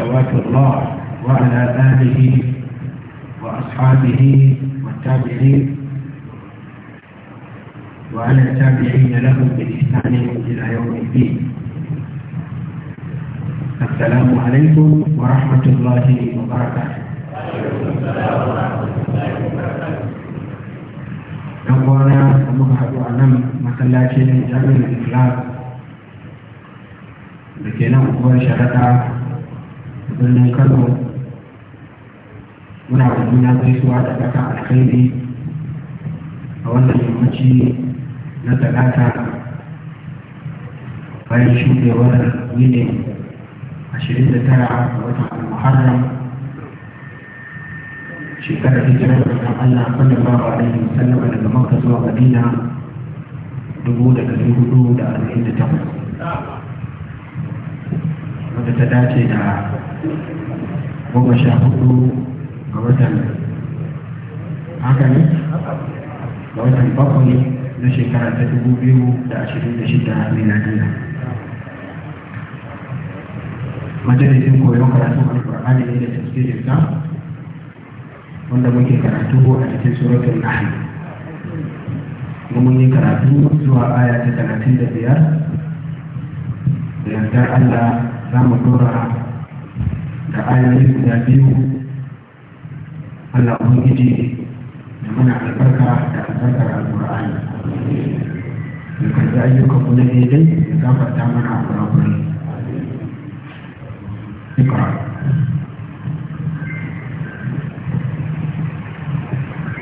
صلوات الله وعلى آله وأصحابه والتابعين وعلى التابعين لهم بالإحسان إلى يوم الدين السلام عليكم ورحمة الله وبركاته ɗan kwana da muka haɗu a nan masallacin jami'in islam da ke nan kuwar sharaɗa sannan kano muna da juna gaisuwa da daka alkhairi a wannan yammaci na talata bayan shugabar yinin 29 a watan al-muharram shekarar hijirar da Allah sallallahu alaihi wasallam daga maka zuwa Madina dubu da dari hudu da arba'in da takwas wadda ta dace da goma sha hudu ga watan haka ne ga watan bakwai na shekara ta dubu biyu da ashirin da shida miladiya majalisin koyon karatun alkur'ani ne da sa, wanda muke karatu a cikin suratul nahi mun yi karatu zuwa aya ta talatin da biyar da yardar allah za mu dora na aya hizi za juu ala mwingiji namana albaraka na albaraka ya alqurani nikaza ayuka kuna hili nikaba tamana kurabuni ikra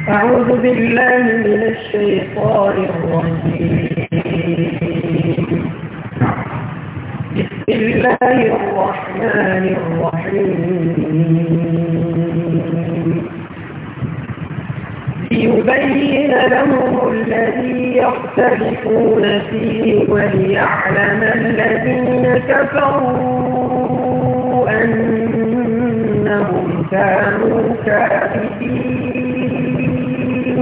أعوذ بالله من الشيطان الرجيم الله الرحمن الرحيم ليبين لهم الذي يختلفون فيه وليعلم الذين كفروا أنهم كانوا كافرين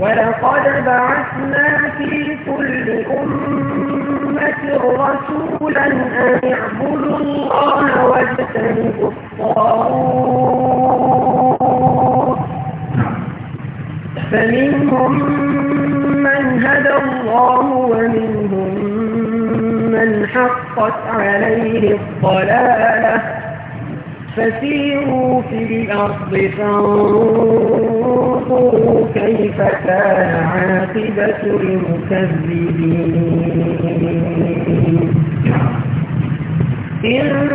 ولقد بعثنا في كل أمة لكن رسولا أن اعبدوا الله واجتنبوا الطاغوت فمنهم من هدى الله ومنهم من حقت عليه الضلاله فسيروا في الأرض فانظروا كيف كان عاقبة المكذبين إن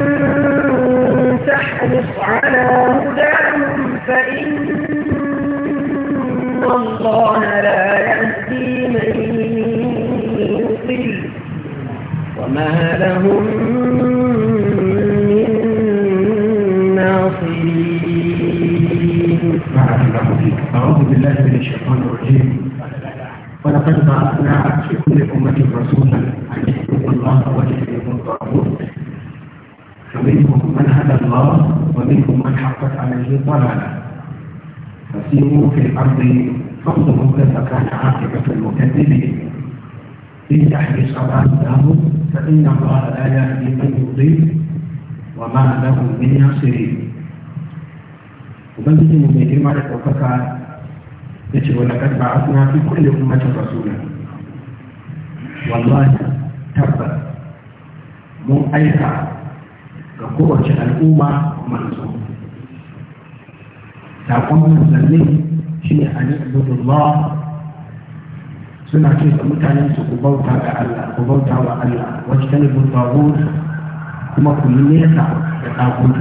تحرص على هداهم فإن الله لا يهدي من يضل وما لهم بالله من الشيطان الرجيم ولقد بعثنا في كل أمة رسولا أن يعبدوا الله ويحبوا الطاغوت فمنهم من هدى الله ومنهم من حقت عليه الضلالة فسيروا في الأرض فانظروا كيف كان عاقبة المكذبين إن تحرص على هداهم فإن الله لا يهدي من يضل وما لهم من ناصرين ubangiji من mai girma yace wa laqad ba'athna fi kulli ummatin rasula wallahi tabba, mun aika ga kowace al'umma manzo kuma manzanni shi ne an ibudullah suna ce ga mutanen su ku bauta ga Allah ku bauta wa Allah wacce ta nufin tagut kuma ku yi nesa da tagut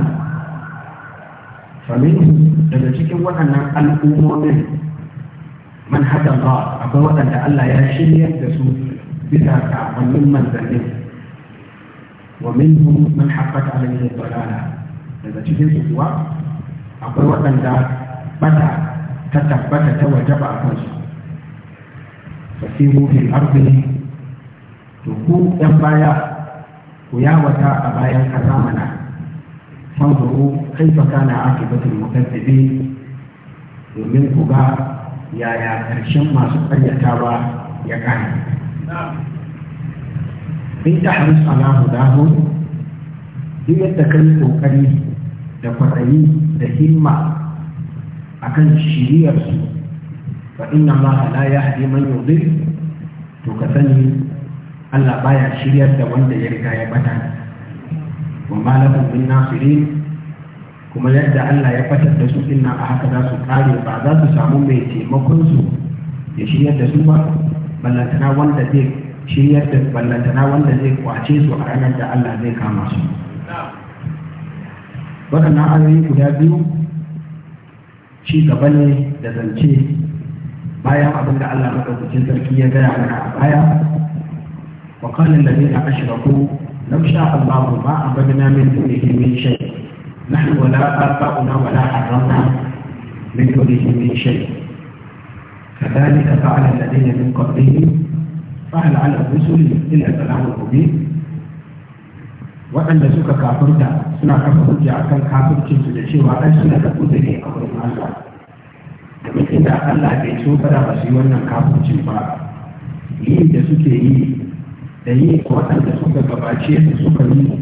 famin daga cikin waɗannan al'ummomin من الله عبد عفوة لألا يشيل يكتسوه بذا ومن ممن ذنب ومنهم من حقت عليه الضلالة إذا تجد سوى عبد لألا بدا تتبت توجب أفوز فسيروا في الأرض تقول أبايا ويا وتا أبايا كرامنا فانظروا كيف كان عاقبة المكذبين ومن فقار yaya ƙarshen masu karyata ba ya ƙare in ta harus ala hudahu duk yadda kai kokari da kwaɗayi da himma a kan shiriyarsu ba inna ma ya haɗe man zai? to ka sani Allah baya shiryar da wanda ya riga ya bata wa malakun bin nasirin kuma yadda Allah ya fatar da su inna a haka za su kare ba za su samu mai taimakon su ya shiryar da su ba ballantana wanda zai shiryar da ballantana wanda zai kwace su a ranar da Allah zai kama su waɗannan ayoyi guda biyu ci gaba ne da zance bayan abin da Allah maɗaukacin sarki ya gaya mana a baya wa kanin da zai da ashiraku lam sha Allah ma abadna min dunihi min shay نحن ولا آباؤنا ولا حرمنا من كله من شيء كذلك فعل الذين من قبلهم فعل على الرسل إلى بلاغ المبين waɗanda suka kafurta suna kafa hujja akan kafurcin su da cewa ɗan suna da a wurin Allah domin inda Allah bai so kada ba su yi wannan kafurcin ba yi da suke yi da yi waɗanda suka gabace su suka yi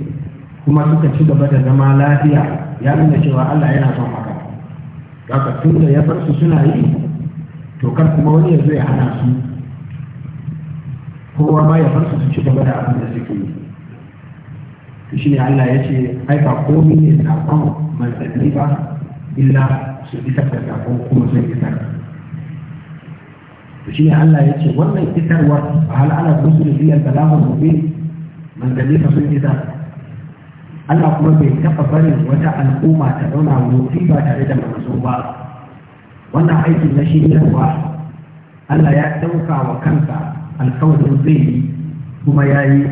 kuma suka ci gaba da zama lafiya ya nuna cewa Allah yana son haka haka tun da ya bar su suna yi to kar kuma wani ya zo ya hana su kowa ma ya bar su su ci gaba da abin da suke yi to shine Allah ya ce ai ba komai ne sakon manzanni ba illa su isar da sakon kuma sun isa, to shi Allah ya ce wannan fitarwar a hal'ala kusur biyar da lamun mubin man da sun isa Allah kuma bai taɓa barin wata al'umma ta zauna wuri ba tare da manzo ba wannan aikin na shiryarwa Allah ya ɗauka wa kansa alkawarin zai yi kuma ya yi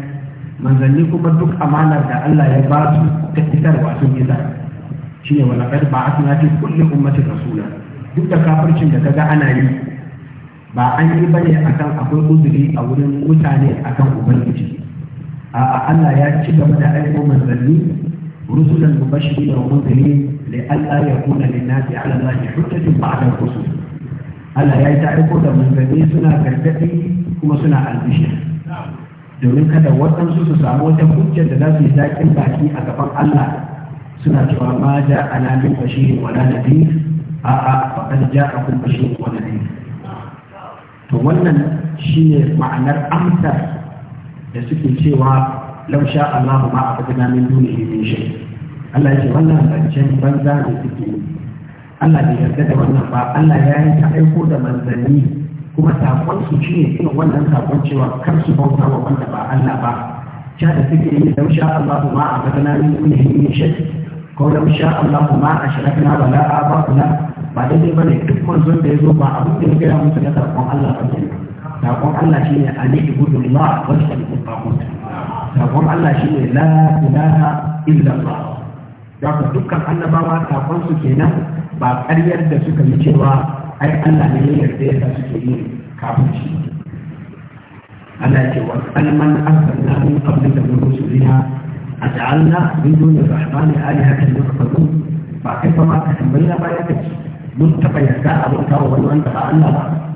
manzanni kuma duk amanar da Allah ya ba su ta fitarwa sun yi shi ne wani ƙar ba a suna fi kullum ummatin rasula duk da kafircin da kaga ana yi ba an yi bane akan akwai uzuri a wurin mutane akan ubangiji A'a Allah ya ci gaba da aiko manzanni rusulan mubashirin wa munzirin li alla yakuna lin nasi ala allahi hujjatun ba'da rusul Allah ya ta aiko da manzanni suna gargadi kuma suna albishi domin kada waɗansu su samu wata hujjar da za su yi daƙin baki a gaban Allah suna cewa ma ja ana min bashirin wala a a faqad ja'akum bashirin wa nadir to wannan shine ma'anar amsar da suke cewa lau sha Allah ma a fadina min dunihi min shay Allah ya ce wannan zancen banza da suke Allah bai yarda da wannan ba Allah ya yi ta aiko da manzanni kuma sakon su shine irin wannan sakon cewa kar su bauta wa wanda ba Allah ba sha da suke yi lau sha Allah ma a fadina min dunihi min shay ko lau sha Allah ma a shirakna wala a ba kula ba daidai bane duk manzon da ya zo ba abin da ya gaya musu na sakon Allah ba ne sakon Allah shi ne ali ibudullah wani shalikun bakon sakon Allah shi ne la ilaha ba. da ku dukkan annabawa sakon su kenan ba ƙaryar da suka yi cewa ai Allah ne ya yarda ya sa suke yin kafin shi Allah ce wa kalman arsalna min qablika su rusulina aj'alna min duni rahmani alihatan yuqtadun ba kai fa ma ka tambaya ba ya kace mun taba yarda abin kawo wani wanda ba Allah ba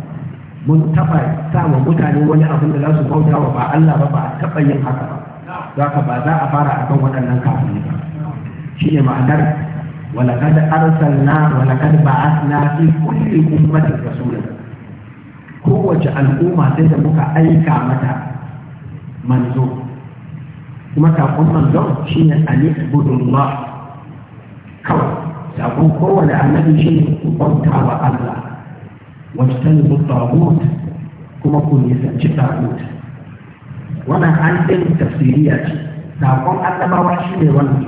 mun taɓa sa wa mutane wani abin da za su bauta wa ba Allah ba ba a taɓa yin haka ba za ka ba za a fara akan waɗannan kafin ba shi ne ma'anar walakad arsalna walakad ba'athna fi kulli ummatin rasula kowace al'umma sai da muka aika mata manzo kuma sakon manzon shine alibudullah kawai sakon kowane annabi shine ku bauta wa Allah واجتنبوا الطاغوت كما كن Wannan an وانا عندي ce. ساقوم annabawa shi ne wannan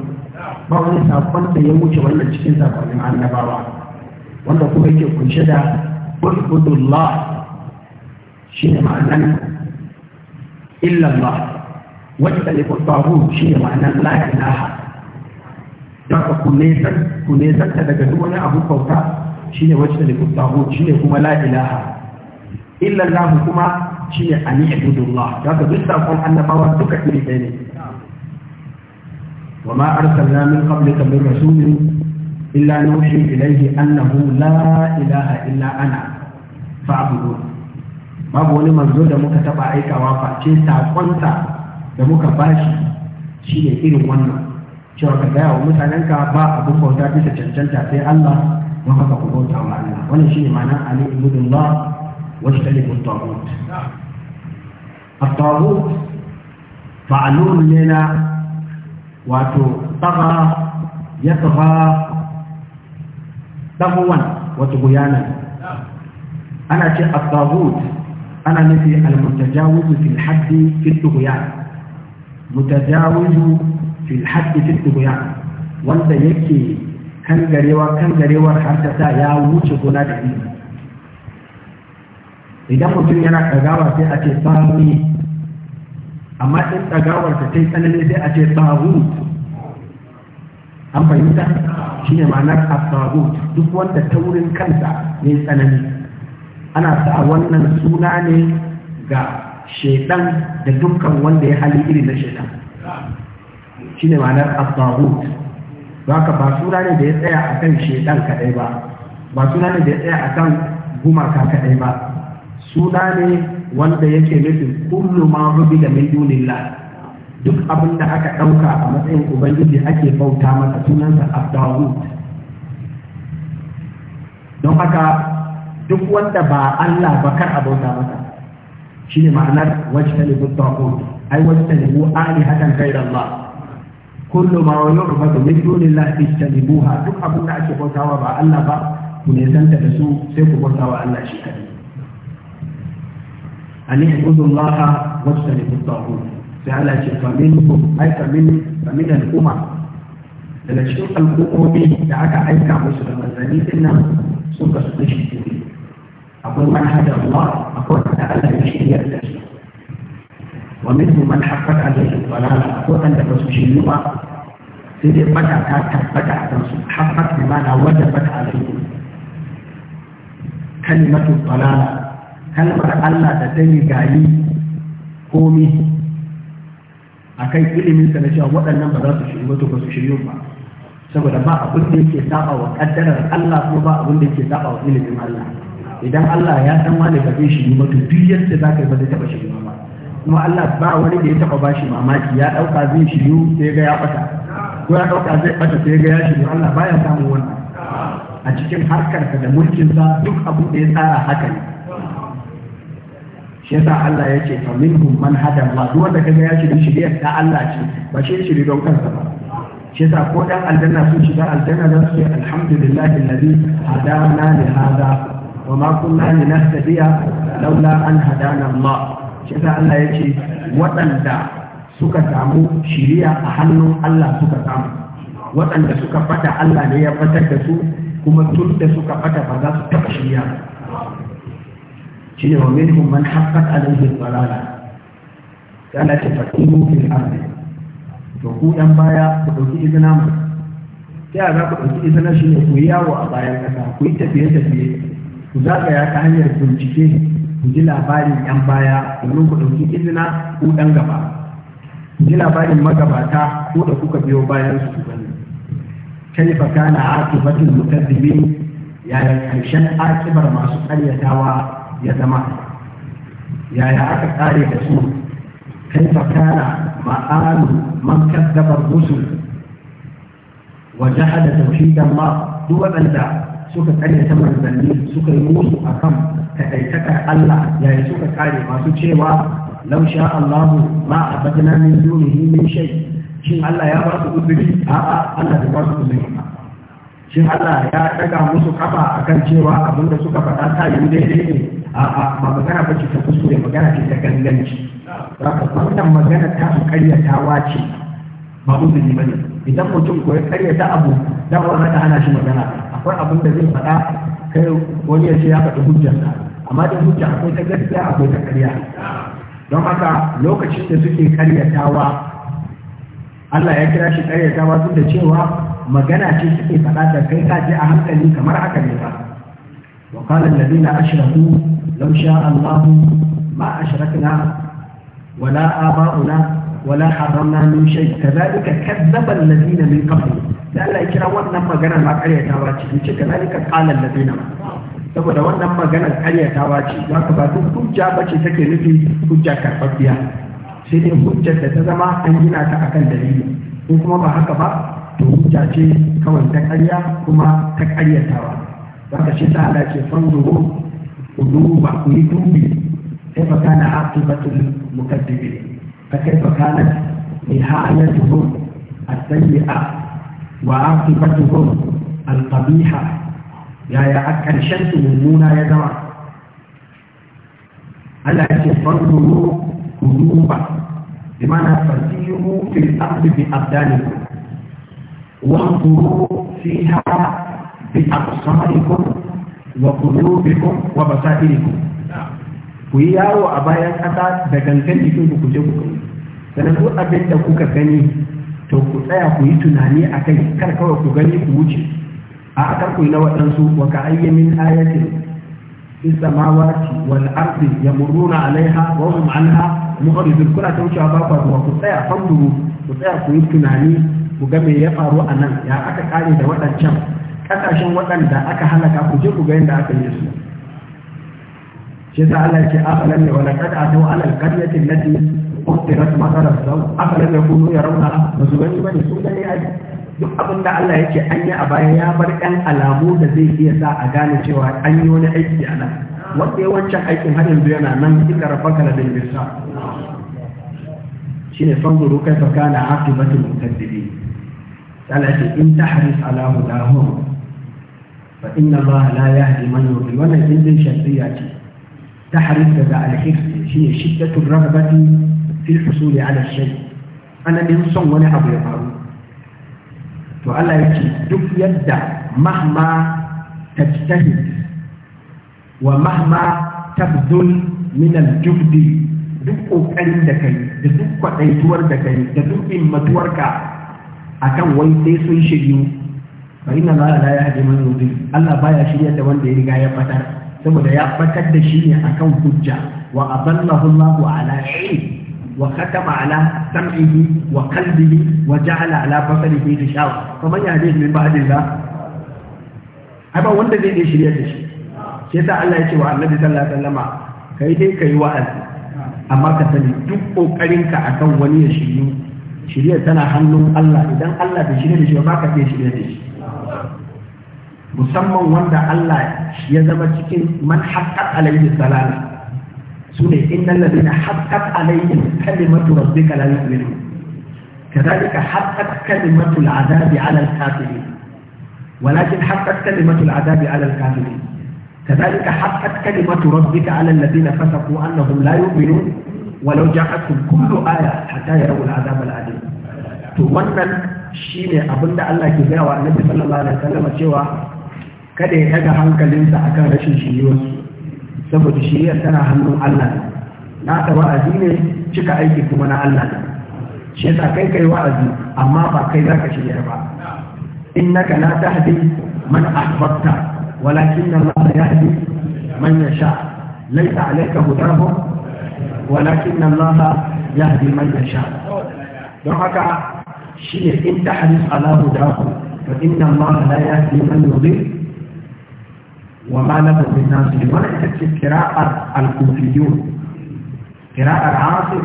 ba wani saƙon da ya wuce wannan cikin saƙonin annabawa wanda kuma yake kunshe da ubudullah shi ne ma'anan illallah wadda ne kwakwaru shi ne ma'anan la ilaha don ka kune daga duk wani abu bauta shine wacce da kuttahu shine kuma la ilaha illa Allah kuma shine ani ibudullah daga duk sakon annabawa duka iri ɗaya ne wa ma arsalna min qablika min rasulin illa nuhi ilayhi annahu la ilaha illa ana fa'budu babu wani manzo da muka taba aikawa face sakonsa da muka bashi shine irin wannan cewa ka gaya wa mutanenka ba abin bauta bisa cancanta sai Allah وخفق الموت أو ولا شيء معناه أن يعبد الله واجتنبوا الطاغوت الطاغوت معلوم لنا وتطغى يطغى تغوا وتغيانا أنا في الطاغوت أنا نفي المتجاوز في الحد في الطغيان متجاوز في الحد في الطغيان وانت يكي kan garewa kan garewa har ta sa ya wuce gona da ni idan mutum yana kagawa sai a ce tsami amma in ɗagawar ta tai tsanani sai a ce tsagut an fahimta shi ne ma'anar a asagut duk wanda ta wurin kansa ne tsanani ana sa wannan suna ne ga shaidan da dukkan wanda ya hali iri na shaidan shi ne ma'anar a asagut haka ba suna ne da ya tsaya a kan shedan kaɗai ba ba suna ne da ya tsaya a kan gumaka kaɗai ba suna ne wanda yake nufin kullu ma rubi da min dunillah duk abin da aka ɗauka a matsayin ubangiji ake bauta masa sunansa abdawu don haka duk wanda ba Allah ba kar a bauta masa shine ma'anar wajtanibu taqut ai wajtanibu ali hadan kairan Allah كل ما يعرف من دون الله تجتنبوها دوك ابونا اشي قوتها وبا الله با ونسان تبسو سيكو قوتها وبا الله اشي أن يحفظ الله واجتنب الطاغوت فهلا اشي فمنكم ايكا من فمن الامم لما شوف الامومي دعاك ايكا مسلم الزنيتنا سوف تشتري أقول من هذا الله أقول أن الله يشتري الناس ومنه من حقك عليه الضلال أقول أن الرسول شنوة sai dai mata ta tabbata a kansu haɓar mana wanda bata a laifin kalimatu talala kalmar Allah da ta yi gayi komi a kan iliminsa na cewa waɗannan ba za su shiryu ba ba su shiryu ba saboda ba abin da yake saba wa kaddarar Allah ko ba abin da yake saba wa ilimin Allah idan Allah ya san wani ba zai shiryu ba to duk yadda za ka yi ba zai taɓa shiryu ba kuma Allah ba wani da ya taɓa ba shi mamaki ya ɗauka zai shiryu sai ga ya fata ko ya ɗauka zai ɓata sai ga yashi shiga Allah baya samun wannan a cikin harkarsa da mulkinsa duk abu da ya tsara haka ne shi yasa Allah ya ce faminhum man hada Allah duk wanda kaga ya shiri shirye ta Allah ce ba shi shiri don kansa ba shi yasa ko dan aljanna sun shiga aljanna za su ce alhamdulillahi alladhi hadana li hada wa ma kunna linahtadiya laula an hadana Allah shi yasa Allah ya ce waɗanda suka samu shiriya a hannun Allah suka samu waɗanda suka fata Allah ne ya fatar da su kuma tun da suka fata ba za su taɓa shiriya shi ne wa minhum man haqqat alaihi dalala kana ta fatimu fil ardi to ku dan baya ku ɗauki izina mu ta yaya za ku dauki izina shi ne ku yawo a bayan kasa ku yi tafiye tafiye ku zagaya ta hanyar bincike ku ji labarin yan baya domin ku ɗauki izina ku ɗan gaba ji labarin magabata ko da kuka biyo bayan su Kai kaifa kana aqibatul mukazzimin yaya karshen aqibar masu karyatawa ya zama yaya aka kare da su kaifa kana ma'alu man kazzaba rusul wa jahada tauhidan ma duk waɗanda suka karyata manzanni suka yi musu akan kaɗaitakar Allah yayi suka kare masu cewa lau sha Allah ma abadna min dunihi min shay shin Allah ya ba su uzuri a'a Allah bai ba su uzuri shin Allah ya daga musu kafa akan cewa abin da suka faɗa ta yi daidai ne a'a ba magana ba ce ta kuskure magana ce ta ganganci za ka wannan magana ta su karyatawa ce ba uzuri ba ne idan mutum ko ya karyata abu dan wannan ta hana shi magana akwai abin da zai faɗa kai wani ya ce ya faɗi hujjar amma da hujja akwai ta gaskiya akwai ta karya don haka lokacin da suke karyatawa Allah ya kira shi karyatawa duk da cewa magana ce suke faɗa da kai ta je a hankali kamar haka ne ba wa qala alladhina ashraku law sha'a Allah ma ashrakna wala aba'una wala harramna min shay kadhalika kadzaba alladhina min qabl da Allah ya kira wannan magana ma karyatawa ce kadhalika qala alladhina saboda wannan maganar karyatawa ce za ka ba duk hujja ba ce take nufi hujja karɓaɓɓiya sai dai hujjar da ta zama an gina ta akan dalili in kuma ba haka ba to hujja ce kawai ta karya kuma ta karyatawa za ka shi ta ala ce kudu ba ku yi dubi sai ba kana batun mukaddibi Ka kai ba kana a as a wa haƙi batun qabiha yaya a ƙarshen su mummuna ya zama Allah ya ce fanzuru kuluba bi mana fasiru fil ardi bi abdanikum wanzuru fiha bi absarikum wa qulubikum wa basairikum ku yi yawo a bayan ƙasa da gangan jikin ku je ku sannan ku abin da kuka gani to ku tsaya ku yi tunani a kai kar kawai ku gani ku wuce a akar na waɗansu wa ka ayyamin ayatin fi samawati wal ardi yamurruna alaiha wa hum anha mu'ridun kuna ta wucewa ba ku ku tsaya fanduru ku tsaya ku yi tunani ku ga me ya faru a nan ya aka kare da waɗancan ƙasashen waɗanda aka halaka ku je ku ga yadda aka yi su shi ta Allah ce afalan ne wala kada a tawo alal qaryati allati qutirat masarar sau afalan ya rauna ba su gani ba ne, sun gani yi duk abin da Allah yake an yi a baya ya bar ɗan alamu da zai iya sa a gane cewa an yi wani aiki a nan wanda ya wancan aikin har yanzu yana nan ina rafa kala da bisa shine fanzuru kai fa kana aqibatul mukaddibi Allah yake in tahris ala hudahum fa inna Allah la yahdi man yudhil wannan indin shafiya ce tahris daga al-hifz ne shiddatul raghbati fi al-husuli ala shay ana din son wani abu ya faru to Allah ya ce duk yadda mahma tajtahid wa mahma ta min minan jubdi duk ƙoƙarin da kai da duk kwadaituwar da kai da duk himmatuwarka akan wai sai sun shiryu fa inna la la yahdi man yudil Allah baya shirya da wanda ya riga ya fatar saboda ya fatar da shi ne akan hujja wa adallahu Allahu ala shi. وختم على سمعه وقلبه وجعل على بصره غشاوة فمن يهديه من بعد الله أبا وانت زي دي شريعة شيء شيء الله يشي وعن النبي صلى الله عليه وسلم كي دي كي وعد أما كتني دقو كرنك أكون وني شريو شريعة تنا حنو الله إذن الله دي شريعة شيء وما كتني شريعة شيء musamman wanda Allah ya zama cikin man haƙƙar alayhi salama سوره ان الذين حقت عليهم كلمه ربك لا يؤمنون كذلك حقت كلمه العذاب على الكافرين ولكن حقت كلمه العذاب على الكافرين كذلك حقت كلمه ربك على الذين فسقوا انهم لا يؤمنون ولو جاءتهم كل ايه حتى يروا العذاب العليم تمنن shine abin da Allah ke gaya wa Annabi sallallahu alaihi wasallam cewa kada ya daga hankalinsa akan saboda shirya tana hannun Allah na ta wa'azi ne cika aiki kuma na Allah ne shi yasa kai kai wa'azi amma ba kai za ka shirya ba innaka la tahdi man ahbabta walakin Allah yahdi man yasha laysa alayka hudahum walakin Allah yahdi man yasha don haka shi ne in tahdis ala hudahum fa inna Allah la yahdi man yudhil wa ma lafa bin nasu ne wannan ita kira'ar al-kufiyun kira'ar asir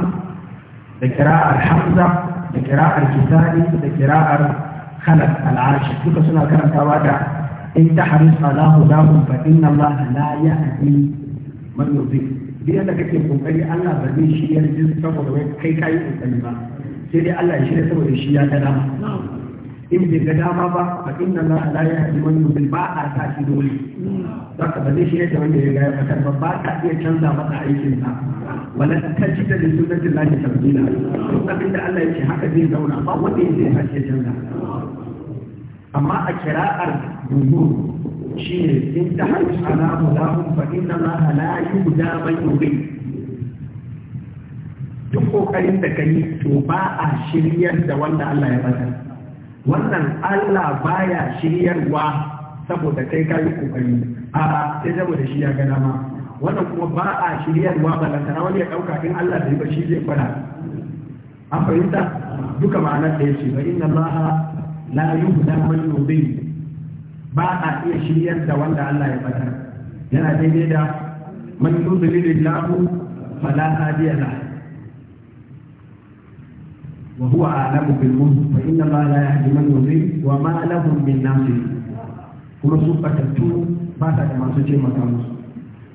da kira'ar hamza da kira'ar kisani da kira'ar khalaf al duka suna karantawa da in ta haris ala hudahum fa inna allaha la ya'ti man yudhi duk da kake kokari Allah ba zai shirya da saboda kai kai sai dai Allah ya shirya saboda shi ya ga dama in bai ga dama ba fa inna Allah la yahdi man yudil ba a sa shi dole saka ba zai shi yadda wanda ya ga ya fatar ba ba ka iya canza masa aikin sa wala tajida li sunnati Allah tabdila duk abin da Allah ya ce haka zai zauna ba wanda yake sa shi canza amma a kira'ar dubu shi ne in ta harfi ala mudahun fa inna Allah la yubda man yudil duk kokarin da kai to ba a shiryar da wanda Allah ya bata wannan Allah baya shiryarwa saboda kai ka yi kokari a sai saboda shi ya gana ma wannan kuma ba a shiryarwa balantana wani ya ɗauka in Allah bai ba shi zai fara an fahimta duka ma'anar da ya ce ba inna Allah la yuhda man yudil ba a iya shiryar da wanda Allah ya fatar yana daidai da man yudlilillahu fala hadiya lahu وهو أعلم بالمنه فإن الله لا يهدي من يضل وما لهم من ناصر kuma su batattu ba sa da masu taimaka musu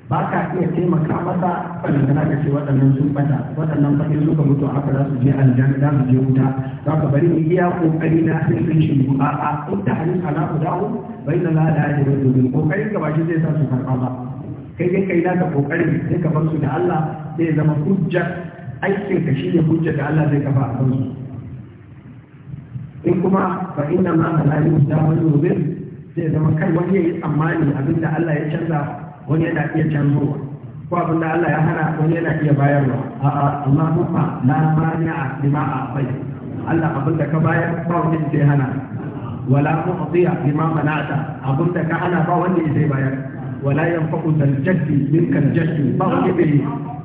ba ka iya taimaka masa balantana ka ce waɗannan sun bata waɗannan fadin suka mutu haka za su je aljanna za su je wuta za ka bari ni iya kokari na sai sun shi a a inda halin ala ku dawo bai na lada da bai domin ƙoƙarin ka ba zai sa su karɓa ba kai dai kai naka kokarin sai ka bar su da Allah zai zama hujja aikin ka ne hujja da Allah zai kafa a su. in kuma fa inna ma halalu da wani rubin zai zama kai wani yayi tsammani abin da Allah ya canza wani yana iya canzowa ko abin da Allah ya hana wani yana iya bayarwa a'a amma kuma la mani'a lima bai. Allah abin da ka bayar ba wani zai hana wala mu'tiya lima mana'ta abin da ka hana ba wani zai bayar wala yanfa'u zal jaddi minka jaddi ba wani bai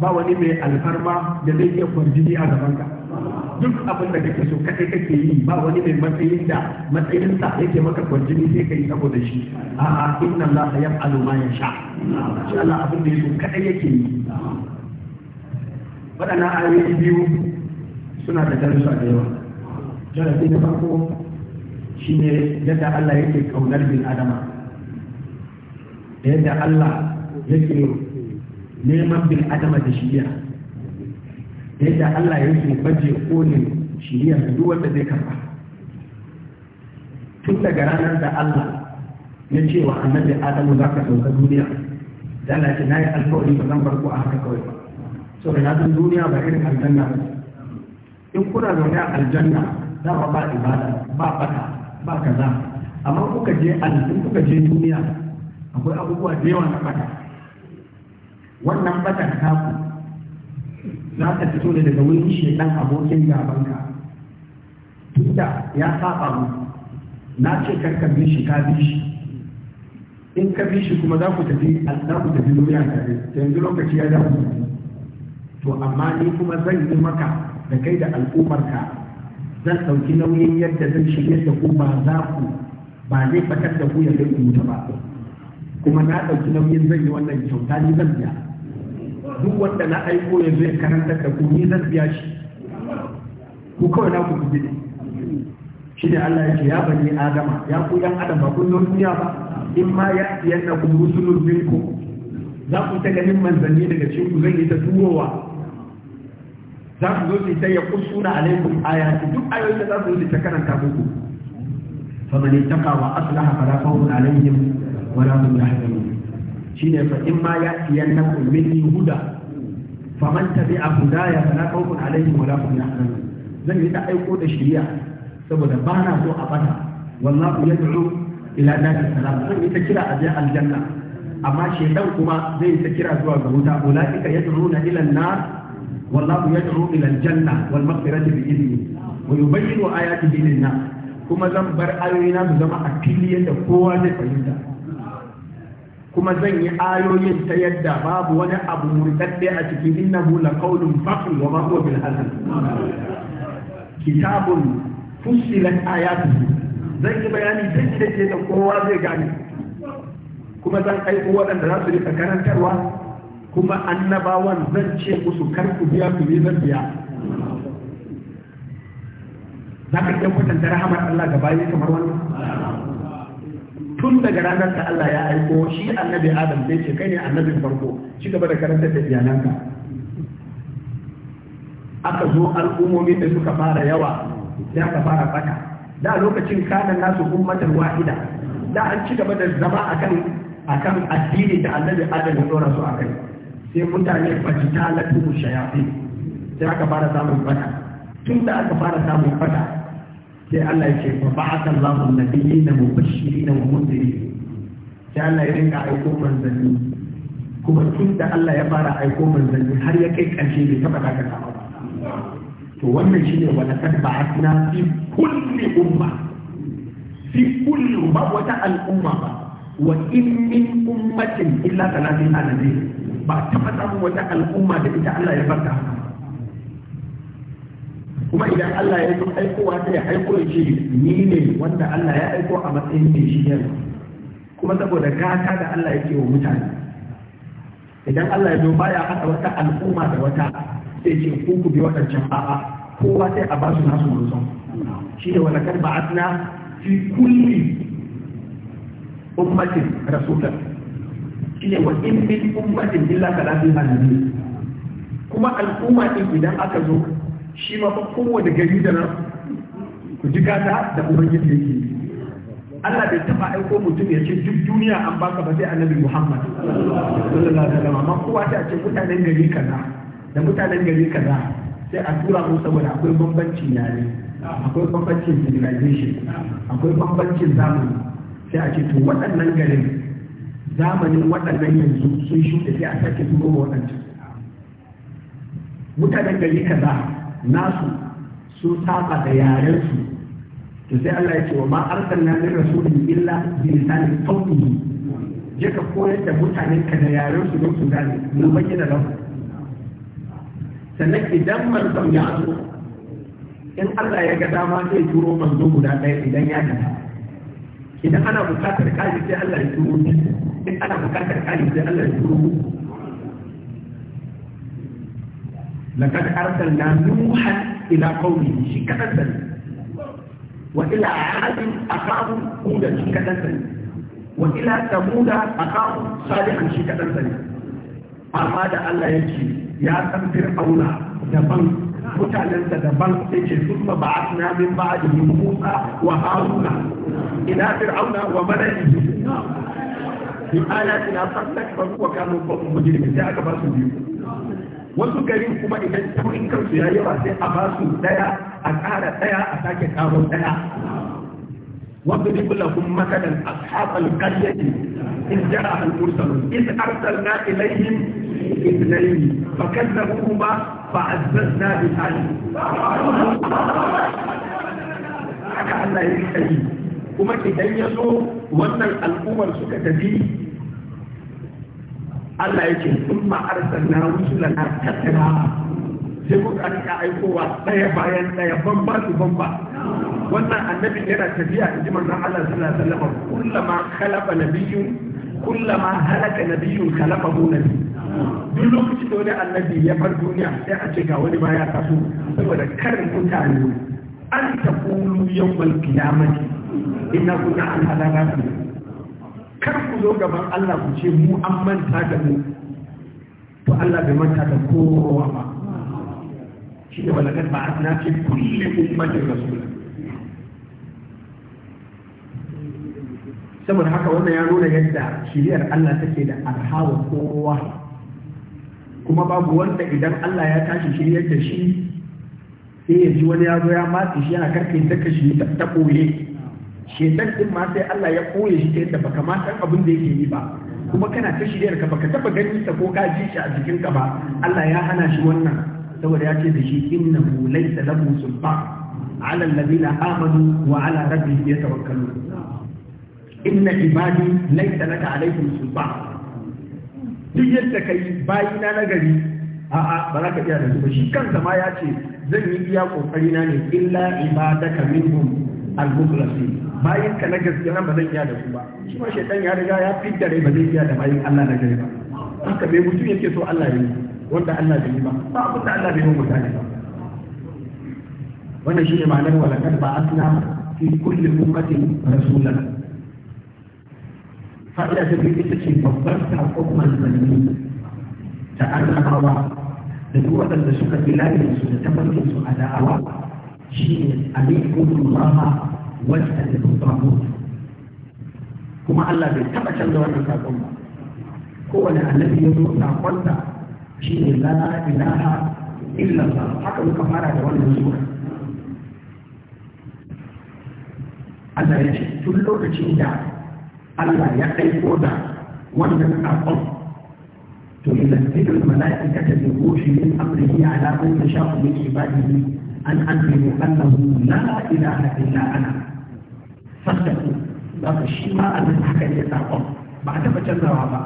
ba wani mai alfarma da zai iya kwarjini a gabanka duk abin da kake so kadai kake yi ba wani mai matsayin da matsayin sa yake maka kwarjini sai kai saboda shi a inna Allah yaf'alu ma yasha shi Allah abin da yake kadai yake yi waɗannan ayoyi biyu suna da darussa da yawa darasi na farko shine yadda Allah yake kaunar bin adama da yadda Allah yake neman bin adama da shiriya da yadda Allah yake baje konin shiriya duk wanda zai karba tun daga ranar da Allah ya ce wa annabi adamu za ka sauka duniya da Allah ce na yi alkawari ba zan farko a haka kawai ba so da na duniya ba irin aljanna ba in kuna zaune a aljanna za ba ba ibada ba bata ba kaza amma kuka je aljanna kuka je duniya akwai abubuwa da yawa na bata wannan batar taku za ta fito da daga wurin shekan abokin gabanka tunda ya saba mu na ce karka bi shi ka bi shi in ka bi shi kuma za ku tafi za tafi duniya tare ta yanzu lokaci ya dawo to amma ni kuma zan yi maka da kai da ka zan ɗauki nauyin yadda zan shirya da ku ba za ku ba zai fatar da ku ya kai ku ba kuma na ɗauki nauyin zan yi wannan kyauta ni zan biya duk wanda na aiko yanzu ya karanta da ku ni zan biya shi ku kawai na ku ku ne shi ne Allah ya ce ya bani adama ya ku yan adam ba kun zo duniya ba in ma ya na kun rusulun minku za ku ta ganin manzanni daga cikin ku zan yi ta turowa za ku zo su ta ya kusuna alaikum ayati duk ayoyin da za su yi ta karanta muku فمن اتقى واصلح فلا خوف عليهم ولا هم يحزنون. yahzanun shine fa in ma ya faman tabi'a hudaya fala khawfun alaihim wala hum yahzanun zan yi ta aiko da shari'a saboda ba na so a bata wallahu yad'u ila dati salam zan yi ta kira a biyan aljanna amma shaidan kuma zai ta kira zuwa ga wuta ulaika yad'una ila an-nar wallahu yad'u ila al-janna wal maghfirati bi idni wa yubayyinu ayatihi lin-nas kuma zan bar ayoyina su zama a fili yadda kowa zai fahimta kuma zan yi ayoyin ta yadda babu wani abu murtadde a cikin innahu la qawlun faql wa ma huwa bil hazan kitabun fussilat ayatu zan yi bayani da ke da kowa zai gane kuma zan aiko waɗanda za su rika karantarwa kuma annabawan zan ce musu kar ku biya ku ne zan biya za ka iya kwatanta rahamar Allah ga bayi kamar wannan tun daga ranar da Allah ya aiko shi annabi Adam sai ce kai ne annabin farko shi gaba da karanta da iyalanka aka zo al'ummomin da suka fara yawa sai aka fara tsaka da lokacin kanan nasu ummatar wahida da an ci gaba da zama akan akan addini da annabi Adam ya dora su akai sai mutane fajita latu shayafi sai aka fara samun fata tun da aka fara samun fata sai Allah ya ce fa ba'atha Allahu an-nabiyina mubashirin wa mundirin sai Allah ya dinga aiko manzanni kuma tun da Allah ya fara aiko manzanni har ya kai ƙarshe bai taɓa kaka ba to wannan shine wa laqad ba'athna fi kulli umma fi kulli umma wata al'umma ba wa in min ummatin illa talatin annabi ba taɓa samun wata al'umma da ita Allah ya barka haka kuma idan Allah ya zo aikowa sai ya aiko ya ce ni ne wanda Allah ya aiko a matsayin mai shi ne kuma saboda gata da Allah yake wa mutane idan Allah ya zo baya haɗa wata al'umma da wata sai ce ku ku bi waɗancan a'a kowa sai a ba su nasu manzon shi ne wani kan ba'atna fi kulli ummatin rasulan shi ne wa in bi ummatin illa kalafi hannu kuma al'umma din idan aka zo shi ma fa kowane gari da nan ku ji gata da ubangiji yake Allah bai taba aiko mutum ya ce duk duniya an baka ba sai annabi Muhammad sallallahu alaihi wasallam amma kowa ta ce mutanen gari kaza da mutanen gari kaza sai a tura mu saboda akwai bambancin yare akwai bambancin civilization akwai bambancin zamani sai a ce to waɗannan garin zamanin waɗannan yanzu sun shuɗe sai a sake turo waɗancan mutanen gari kaza nasu sun saba da yaren su to sai Allah ya ce wa ma arsalna min rasulin illa bi lisanin qawmihi je ka koyar da mutanen ka da yaren su don su gane mu bayyana lafu. sannan idan manzon ya zo in Allah ya ga dama zai turo manzo guda ɗaya idan ya gada idan ana bukatar kaji sai Allah ya turo in ana buƙatar kaji sai Allah ya turo لقد أرسلنا نوحا إلى قومه شكة وإلى عاد أخاهم هودا شكة وإلى ثمود أخاهم صالحا شكة أراد الله يجي يا سمتر أولى دبن mutanensa daban ya ce sun ba a suna min ba da yin musa wa haruna ina fir'auna wa malaihi bi ayatina fastakbaru wa kanu qawmun mujrimin sai aka ba su biyu wasu garin kuma idan taurin kansu ya yawa sai a ba su daya a ƙara daya a sake karo daya wasu bi kula kun makadan ashabal qaryati in ja'a al mursalun in arsalna ilayhim ibnayn fa kadzabuhuma fa azzazna bi thani haka Allah ya yi kuma idan ya zo wannan al'ummar suka tafi Allah ya ce sun ma arsalna rusulana katira sai muka ka aikowa ɗaya bayan ɗaya bamba su bamba wannan annabi yana tafiya in ji manzon Allah sallallahu alaihi wasallam kullama khalaqa nabiyyun kullama halaka nabiyyun khalaqahu nabi duk lokacin da wani annabi ya bar duniya sai a ce ga wani baya taso saboda karin mutane an taqulu yawmal qiyamati inna kunna an halaka kar ku zo gaban Allah ku ce mu an manta da mu to Allah bai manta da kowa ba shi ne walakar ba a na ce kulle ummatin rasul saboda haka wannan ya nuna yadda shiriyar Allah take da alhawa kowa kuma babu wanda idan Allah ya tashi shiryar da shi sai ya ji wani ya zo ya matsi shi yana karkai ta ta ɓoye shedan din ma sai Allah ya koye shi ta yadda baka ma san abin da yake yi ba kuma kana ta shiryar ka baka taba gani ta ko ka ji shi a jikin ka ba Allah ya hana shi wannan saboda ya ce da shi innahu laysa lahu sultan ala alladhina amanu wa ala rabbihim yatawakkalun inna ibadi laysa laka alaihim sultan duk yadda kai bayina na gari a'a ba za ka iya da shi kansa ma ya ce zan yi iya kokari na ne illa ibadaka minhum al-mukhlasin ka na gaskiya nan ba zan iya da su ba shi ma shaitan ya riga ya fidda rai ba zai iya da bayan Allah na gari ba haka bai mutum yake so Allah ya yi wanda Allah bai yi ba ba abin da Allah bai yi mutane ba wannan shi ne ma'anar walakar ba asna fi kulli ummatin rasulan fa'ida ta biyu ita ce babbar saƙon manzanni da annabawa da duk waɗanda suka bi lafiyarsu da tabbatinsu a da'awa shi ne alaikun rumaha wajha da tsamu kuma Allah bai taba canza wannan sakon ba kowane annabi ya zo sakon shi shine la ilaha illa Allah haka muka fara da wannan sura Allah ya ce tun lokacin da Allah ya aiko da wannan sakon تنزل الملائكة بالروح من أمره على من تشاء من an أن أنزلوا أنه لا إله إلا أنا fasaku za ka shi ma a nan haka ne sakon ba a taɓa canzawa ba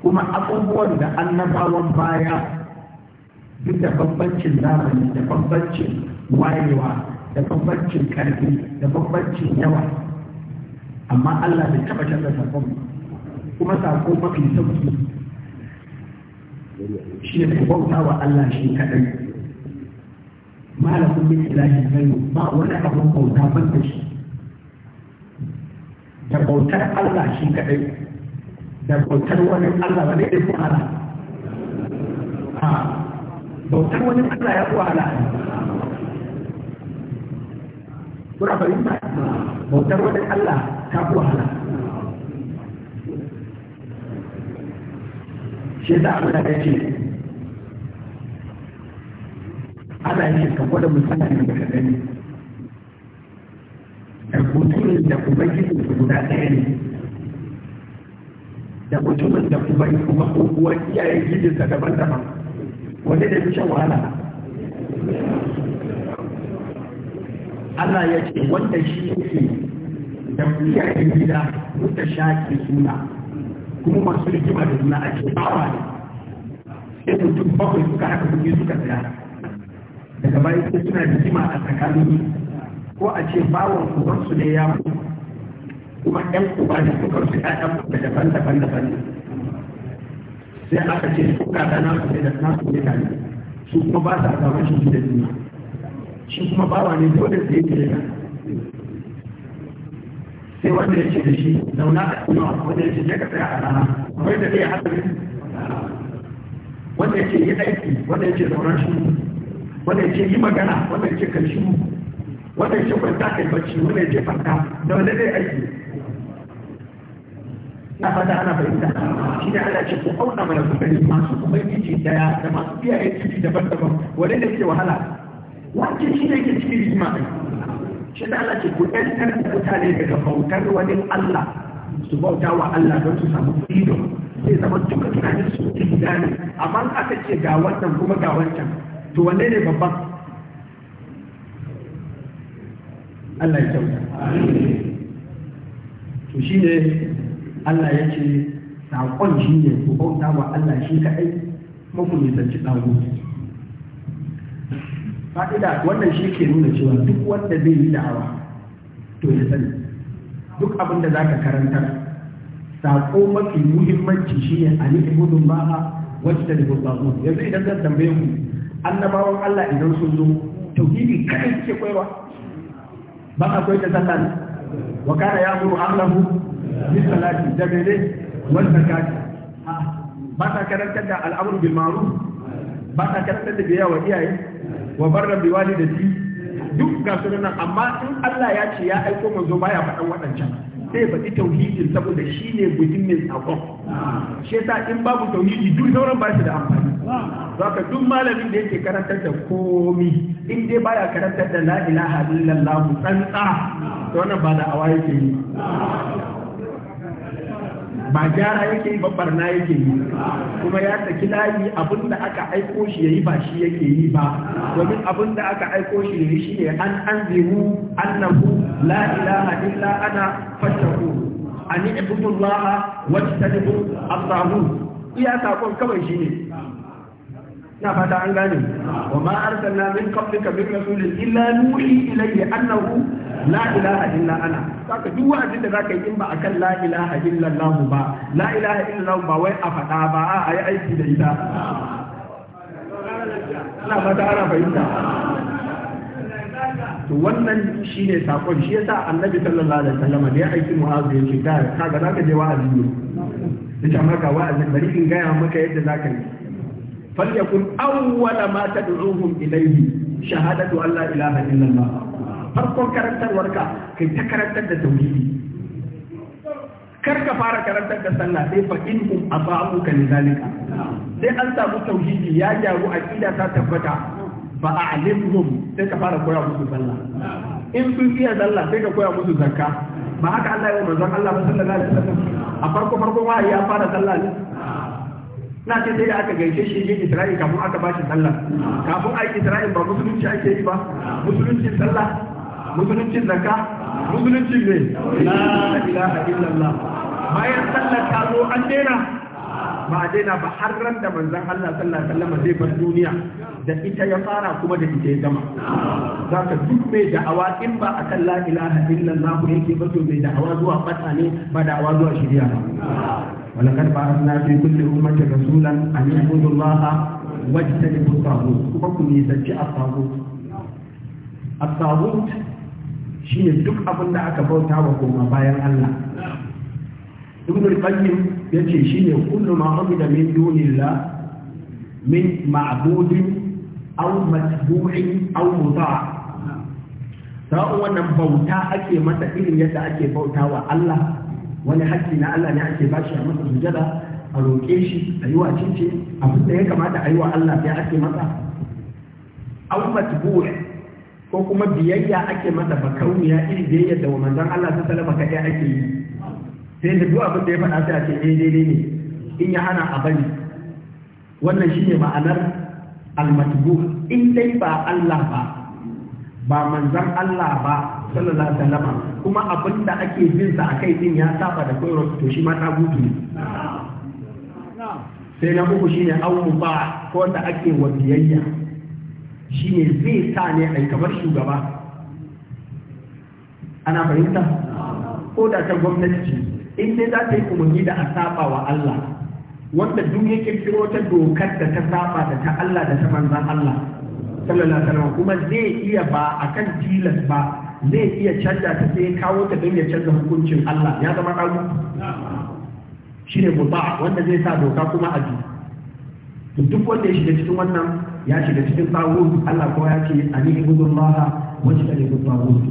kuma abubuwan da annabawan baya duk da bambancin zamani da bambancin wayewa da bambancin karfi da bambancin yawa amma Allah bai taɓa canza sakon kuma sako mafi sauki shi ne bauta wa Allah shi kaɗai Malamin min ilahin gairu ba wani abun bauta ban da shi da bautar Allah shi kadai da bautar wani Allah wani da wahala a bautar wani Allah ya wahala bautar wani Allah ta wahala shi da abin ce ana yin ka gwada musamman da ka gani da mutumin da kuma ubangijin su guda ɗaya ne da mutumin da kuma kuma uwar iyayen sa daban-daban wanda da shan wahala Allah ya ce wanda shi ke da iyayen gida muka shaƙi suna kuma masu rikima da suna a ce bawa ne sai mutum bakwai suka haka kuɗi suka tsaya daga bayan sai suna jima a tsakanin ko a ce bawon ubansu ne ya mutu kuma ɗan uba da suka su ƴaƴan da daban daban daban sai aka ce su ka da nasu ne da nasu ne tare su kuma ba sa samun shi da juna shi kuma bawa ne dole sai ya da sai wanda ya ce da shi zauna a cikin wanda ya ce ya ka tsaya a rana akwai da haɗa wanda ya ce ya aiki wanda ya ce zauna shi wanda ce yi magana wanda ce kashi mu wanda ce kwanta kai bacci wanda ce fanta da wanda zai aiki na fata ana fahimta shi ne ana ce ku auna mana su gani masu ubangiji daya da masu iyaye ciki daban-daban wanda da ke wahala wace shi ne ke cikin rigima shi ne Allah ce ku ɗan da mutane daga bautar wani Allah su bauta wa Allah don su samu freedom zai zama duka tunanin su ɗin amma aka ce ga wannan kuma ga wancan to wanne ne babban Allah ya kyauta to shi ne Allah ya ce saƙon shi ne ku bauta wa Allah shi kaɗai mafi nisanci ɗago fa'ida wannan shi ke nuna cewa duk wanda zai yi da'awa to ya sani duk abin da za ka karanta saƙo mafi muhimmanci shi ne a nufin gudun ba a wacce da gudun yanzu idan zan tambaye ku annabawan Allah idan sun zo tauhidi kadai suke koyarwa ba a koyar da sallah ne wa kana ya'muru ahlahu salati da mene wal zakati ba ta karantar da al'amur bil ma'ruf ba ta karantar da biyayya wa iyaye wa barra bi walidati duk ga sunan amma in Allah ya ce ya aiko manzo baya faɗan waɗancan sai faɗi tauhidin saboda shi ne muhimmin sakon shi ta in babu tauhidi duk sauran ba shi da amfani za ka duk malamin da yake karantar da komi in dai baya karantar da la ilaha illallah tsantsa to wannan ba da awa yake yi ba gyara yake yi babbarna yake yi kuma ya saki layi abin da aka aiko shi ya yi ba shi yake yi ba domin abin da aka aiko shi ya yi shi ne an an zihu annahu la ilaha a ana fashahu an ibudullaha wajtanibu at-taghut iya sakon kawai shi ne na fata an gane wa ma na min qablika min rasulin illa nuhi ilayhi annahu la ilaha illa ana saka duk wa'azin da zaka yi in ba akan la ilaha illa Allah ba la ilaha illa Allah ba wai a faɗa ba a ayi aiki da ita ina mata ana fahimta to wannan shine sakon shi yasa annabi sallallahu alaihi wasallam da ya aiki mu'azu ya ce da kaga zaka je wa'azi ne yace maka wa'azin bari in gaya maka yadda zaka yi falyakun awwala ma tad'uhum ilayhi shahadatu an la ilaha illa Allah farkon karantarwarka kai ta karantar da tauhidi kar ka fara karantar da sallah sai fa in kun abahu kan zalika sai an samu tauhidi ya gyaru aqida ta tabbata fa a'limhum sai ka fara koya musu sallah in sun iya sallah sai ka koya musu zakka ba haka Allah ya manzon Allah sallallahu alaihi wasallam a farko farko ma ya fara sallah ne na ce sai da aka gaishe shi ne Isra'i kafin aka bashi sallah kafin ai Isra'i ba musulunci ake yi ba musulunci sallah musuluncin zaka musuluncin ne la illallah bayan sallar ta zo an daina ba a daina ba har ran da manzon Allah sallallahu alaihi zai bar duniya da ita ya fara kuma da ita ya gama Za ka duk mai da'awa in ba a kan la ilaha illallah yake ba to mai da'awa zuwa fata ne ba da'awa zuwa shari'a ba ولقد بعثنا في كل أمة رسولا أن يعبدوا الله واجتنبوا الطاغوت وكم يزجع الطاغوت الطاغوت Shi ne duk abin da aka bauta wa koma bayan Allah ibn al-qayyim yace shine kullu ma da min dunillah min ma'budin aw matbu'in aw muta' sawa'un wannan bauta ake mata irin yadda ake bauta wa Allah wani hakki na Allah ne ake bashi a masa sujada a roƙe shi a yi wa cince abin da ya kamata a yi wa Allah sai ake masa aw matbu'in ko kuma biyayya ake masa bakauniya iri biyayya da manzon Allah ta salama kaɗai ake yi sai da duk abin da ya faɗa sai a ce eh daidai ne in ya hana a bari wannan shine ma'anar almatbu in dai ba Allah ba ba manzon Allah ba sallallahu alaihi wasallam kuma abin da ake bin sa akai din ya saba da koyarwa to shi ma ta gudu ne sai na uku shine awu ba ko da ake wa biyayya shi ne zai sa ne a kamar shugaba ana fahimta ko da ta gwamnati ce in dai za ta yi umarni da a saba wa Allah wanda duk ya kirkiro ta dokar da ta saba da ta Allah da ta manzan Allah sallallahu alaihi wasallam kuma zai iya ba akan tilas ba zai iya canja ta sai kawo ta don ya canza hukuncin Allah ya zama kawo shi ne mutu'a wanda zai sa doka kuma a ji duk wanda ya shiga cikin wannan ya shiga cikin tsawo Allah kuma ya ce ani ibudullah wa tajtanibu tawus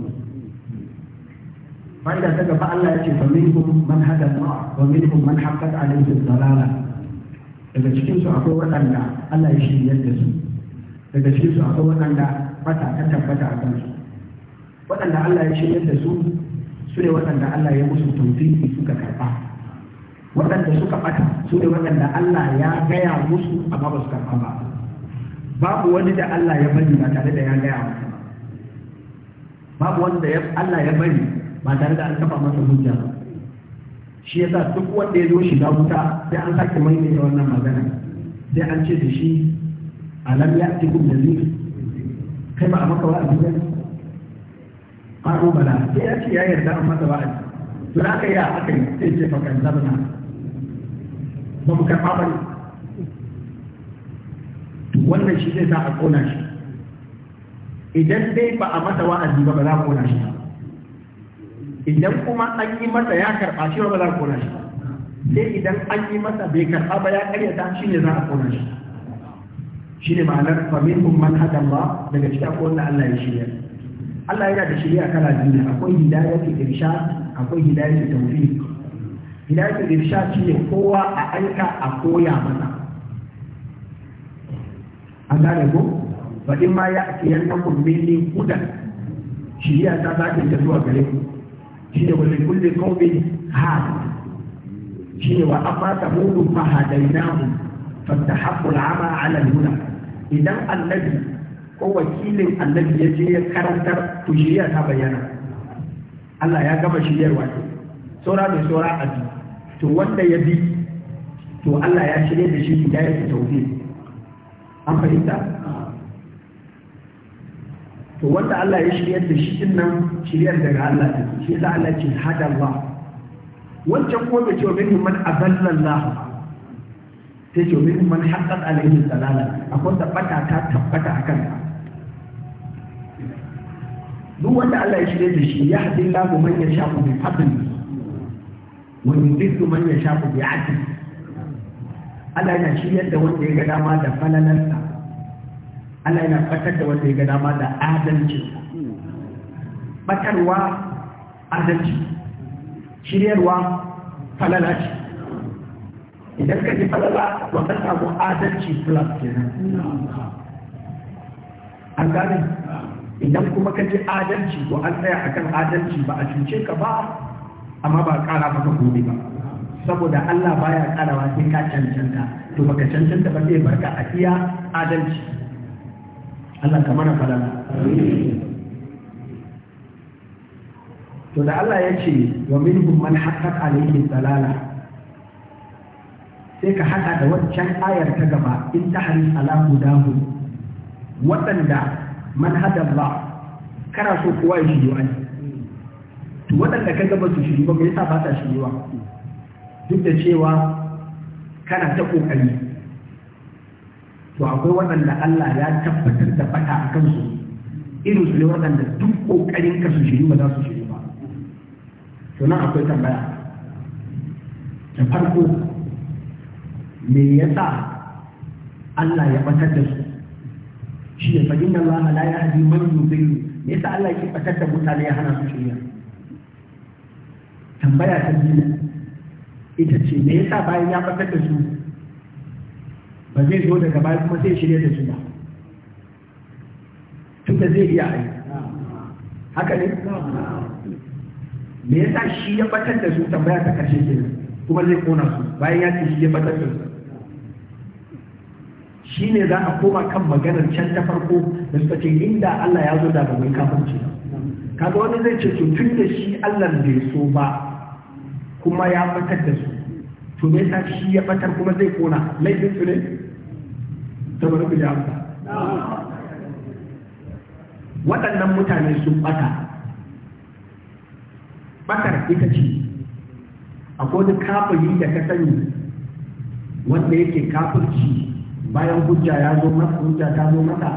fa'ida ta gaba Allah ya ce fa minkum man hada Allah wa minkum man haqqat alayhi ad-dalala daga cikin su akwai waɗanda Allah ya shiryar da su daga cikin su akwai waɗanda bata ta tabbata a kansu waɗanda Allah ya shiryar da su su ne waɗanda Allah ya musu tawfiqi suka karɓa waɗanda suka ɓata su ne waɗanda Allah ya gaya musu amma ba su karɓa ba babu wani da Allah ya bari ba tare da ya gaya masa babu wani da Allah ya bari ba tare da an kafa masa hujja ba shi yasa duk wanda ya zo shiga wuta sai an sake mai da wannan magana sai an ce da shi alam ya ci kun da kai ba a maka wa abin nan ƙaro bala sai ya ce ya yarda an masa a abu to da aka yi a aka yi sai ce fakan zabna ba mu karɓa ba ne wannan shi zai sa a kona shi idan dai ba a masa wa'azi ba ba za a kona shi idan kuma an yi masa ya karɓa shi ba za a kona shi sai idan an yi masa bai karɓa ba ya karyata shi ne za a kona shi shi ne ma'anar famin umman hadan ba daga cikin akwai wanda Allah ya shirya Allah yana da shirya kala biyu akwai hidayar ke irsha akwai hidayar ke tawfiq hidayar ke irsha shi ne kowa a aika a koya masa an gane ko fa in ma ya ake yanka kun minni hudan shiriya ta za ta ta zuwa gare ku shi ne wani kulle kawai ha shi ne wa amma ta mudu fa hadainahu fa tahaqqu al'ama ala al idan annabi ko wakilin annabi ya je ya karantar to shiriya ta bayyana Allah ya gama shiryarwa ne saura mai saura a to wanda ya bi to Allah ya shirye da shi ya yi tauhid an fahimta to wanda Allah ya shiryar da shi din nan shiryar daga Allah ne shi yasa Allah ce hada Allah wancan ko bai ce wa minhum man aballa Allah sai ce wa minhum man haqqat alaihi salala akwai tabbata ta tabbata akan ta duk wanda Allah ya shirye da shi ya haɗin lamu man ya shafu bi fadli wa yudhillu man ya shafu bi adli Allah yana shiryar da wanda ya ga dama da falalarsa Allah yana fatar da wanda ya ga dama da adalci. batarwa adalci shiryarwa falala ce idan ka ji falala ba ka samu adalci plus kenan an gane idan kuma ka ji adalci to an tsaya akan adalci ba a cuce ka ba amma ba a kara maka gobe ba saboda Allah baya karawa sai ka cancanta to baka cancanta ba zai barka a iya adalci Allah ka mana falala to da Allah ya ce wa minhum man haqqat alayhi salala sai ka haɗa da waccan ayar ta gaba in ta hari ala gudahu waɗanda manhajan ba kana so kowa ya shirya ne to waɗanda ka gaba su shirya ba me yasa ba ta shirya duk da cewa kana ta ƙoƙari to akwai waɗanda Allah ya tabbatar da fata a kansu irin su ne waɗanda duk ƙoƙarin ka su shiru ba za su shiru ba to nan akwai tambaya da farko me yasa Allah ya batar da su shi ya fa inna Allah la yahdi man yudillu me yasa Allah ya batar da mutane ya hana su shirya tambaya ta biyu ita ce me yasa bayan ya fatar da su ba zai zo daga baya kuma sai shirya da su ba tun da zai iya ayi, haka ne me yasa shi ya fatar da su tambaya ta karshe kenan kuma zai kona su bayan ya ce shi ya fatar da su shi ne za a koma kan maganar can ta farko da suka ce inda Allah ya zo da ba mai kafirci kaga wani zai ce tun da shi Allah bai so ba kuma ya fatar da su to me yasa shi ya fatar kuma zai kona laifin su ne ta bari ku ji amsa waɗannan mutane sun bata batar ita ce ko wani kafiri da ka sani wanda yake kafirci bayan hujja ya zo masa hujja ta zo masa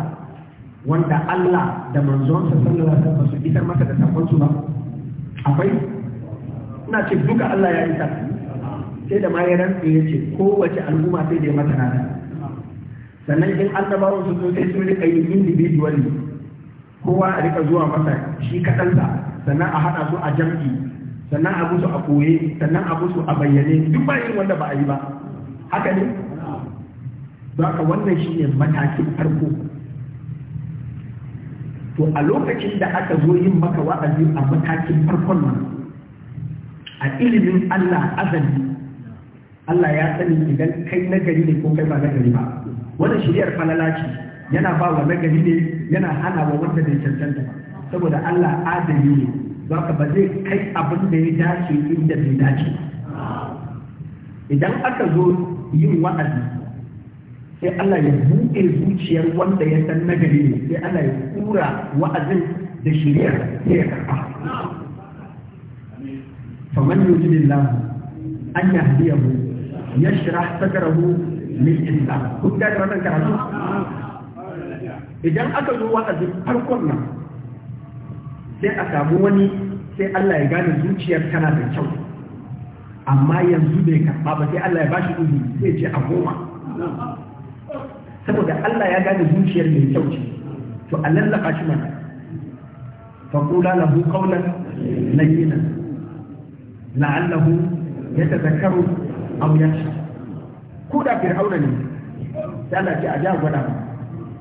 wanda Allah da sa sallallahu alaihi wasallam su isar masa da sakon su ba akwai ina ce duka Allah ya isa sai da ma ya rantsa ya ce kowace al'umma sai da ya mata nata sannan in baro su zo sai sun rika yin individually kowa a rika zuwa masa shi kaɗansa sannan a haɗa su a jam'i sannan a gusu a koye sannan a gusu a bayyane duk ba yin wanda ba a yi ba haka ne Ba wannan shi ne matakin farko to a lokacin da aka zo yin maka wa'azi a matakin farkon nan a ilimin Allah azali Allah ya sani idan kai nagari ne ko kai ba nagari ba wannan shiriyar falala ce yana ba wa nagari ne yana hana wa wanda bai cancanta ba saboda Allah adali ne ka ba zai kai abin da ya dace inda bai dace idan aka zo yin wa'azi sai Allah ya buɗe zuciyar wanda ya san nagari ne sai Allah ya kura wa'azin da shiriyar sai ya karɓa فمن yudilillahu an أن يهديه يشرح فكره islam kun ga wannan karatu idan aka zo wa'azin farkon nan sai a samu wani sai Allah ya gane zuciyar tana da kyau amma yanzu bai karɓa ba sai Allah ya bashi izini ce a goma saboda Allah ya gane zuciyar mai kyau ce to a lallaka shi mana fa qula lahu qawlan layyinan la'allahu yatazakkaru aw yakhsha ko da fir'auna ne da Allah ce a ja gwada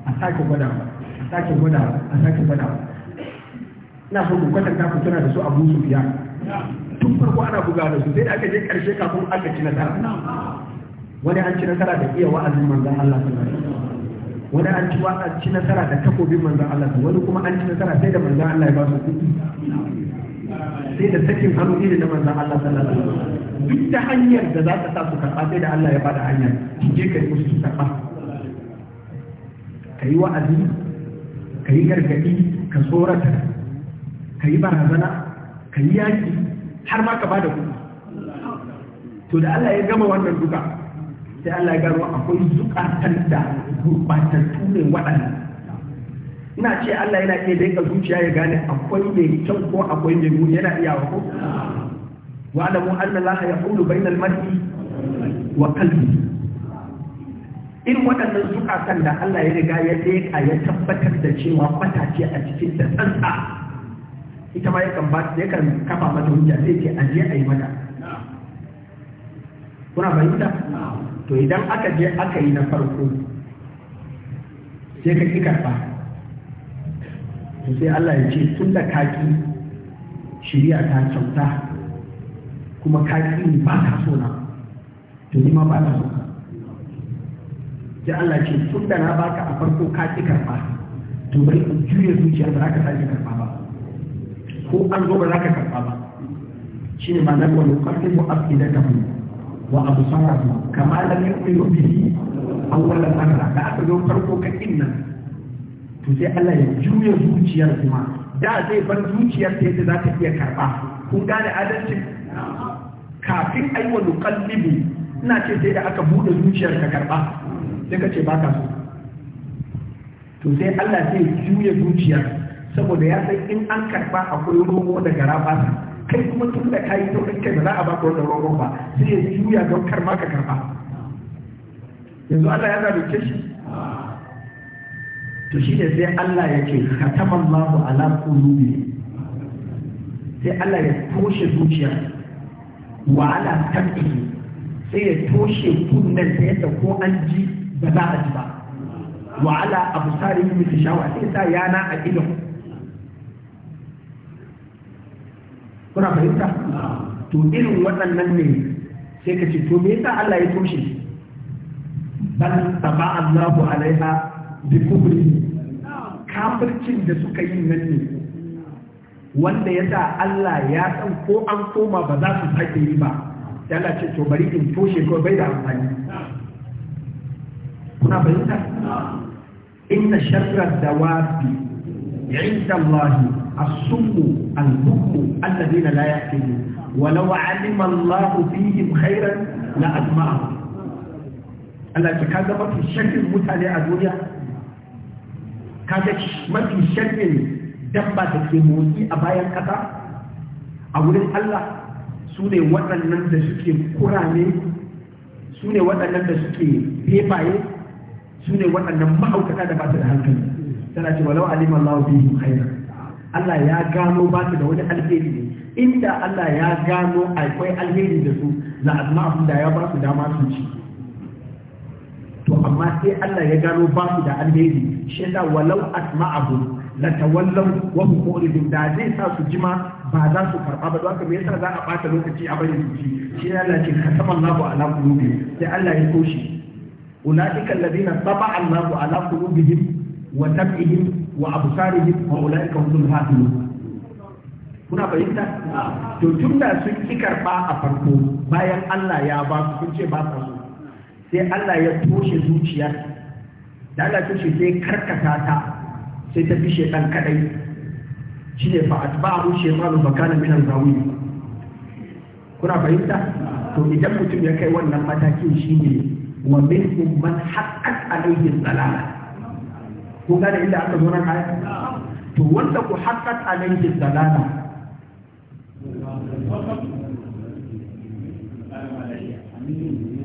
a sake gwada a sake gwada a sake gwada ina so ku kwatanta ku tana da su Abu su biya tun farko ana buga da su sai da aka je karshe kafin aka ci nasara wani an ci nasara da iya wa'azin manzon Allah sallallahu alaihi wasallam wani an ci wa'azin ci nasara da takobin manzon Allah wani kuma an ci nasara sai da manzon Allah ya ba su kuɗi sai da sakin hannu da na manzan Allah sallallahu alaihi wasallam duk da hanyar da za ta sa su karɓa sai da Allah ya bada hanyar je ka yi musu karɓa ka yi wa'azi ka yi gargaɗi ka tsorata ka yi barazana ka yi yaƙi har ma ka bada kuɗi to da Allah ya gama wannan duka sai Allah ya gano akwai zukatan da gurɓatattu ne waɗanda ina ce Allah yana iya daika zuciya ya gane akwai mai kyau ko akwai mai muni yana iya ko wa alamu anna ya yaqulu bainal mar'i wa qalbi in waɗannan zukatan da Allah ya riga ya daika ya tabbatar da cewa kwata a cikin da tsantsa ita ma yakan ba yakan kafa mata hujja sai ce a yi mata kuna fahimta to idan aka je aka yi na farko sai ka ki karba sai Allah ya ce tun da kaki shirya ta kyauta kuma kaki ne ba ta so na to ni ma ba ta so sai Allah ce tun da na baka a farko kaki karba to bari in juya zuciyar ba za ka sake karba ba ko an zo ba za ka karba ba shine ma nan wani kwarfin mu mu. wa abu absarahum kama lam yu'minu bihi awwal marra da aka zo farko ka nan to sai Allah ya juya zuciyar kuma da zai bar zuciyar ta yadda za ta iya karɓa kun gane adalcin kafin ai wa nuqallibu ina ce sai da aka bude zuciyar ka karɓa sai ka ce baka so to sai Allah sai juya zuciyar saboda ya san in an karɓa akwai romo ba ta kai kuma tun da kayi saurin kai ba za a ba ka wannan romo ba sai ya juya don karma ka karɓa yanzu Allah ya zabe shi to shi ne sai Allah ya ce khataman Allahu ala qulubi sai Allah ya toshe zuciya wa ala tabihi sai ya toshe kunnen ta yadda ko an ji ba za a ji ba wa ala absarihim shawa sai sa yana a ido kuna fahimta to irin waɗannan ne sai ka ce to me yasa Allah ya toshe bal taba Allahu alaiha bi kufri kafircin da suka yi nan ne wanda ya sa Allah ya san ko an koma ba za su sake yi ba ya Allah ce to bari in toshe ko bai da amfani kuna bayyana inna sharra dawabi عند الله الصم البكم الذين لا يأكلون ولو علم الله فيهم خيرا لأجمعهم Allah ya kaga mafi shakin mutane a duniya kaga mafi sharrin dabba da ke motsi a bayan kasa a wurin Allah su ne waɗannan da suke kurame su ne waɗannan da suke bebaye su ne waɗannan ma'aukata da ba su da hankali tana ce walau alim Allah bihim haina Allah ya gano ba su da wani alheri ne inda Allah ya gano akwai alheri da su la abin da ya ba su dama su ci amma sai Allah ya gano ba su da alheri shi da walau asma'ahu la tawallaw wa hum muridun da zai sa su jima ba za su karba ba don me yasa za a bata lokaci a bari su ci shi Allah ce katama Allahu ala qulubi sai Allah ya koshi ulaika alladhina taba'a Allahu ala qulubihim wa tab'ihim wa absarihim wa ulaika humul hafizun kuna fahimta to tunda sun ki karba a farko bayan Allah ya ba su kun ce ba su sai Allah ya toshe zuciya da Allah toshe sai karkata ta sai ta fi shekan kadai shi ne fa a rushe ma zuwa kanan minan zawi kuna fahimta to idan mutum ya kai wannan matakin shi ne wa minhum man a alayhi dalala ko gane inda aka zo na aya to wanda ku haqqat alayhi dalala Thank you.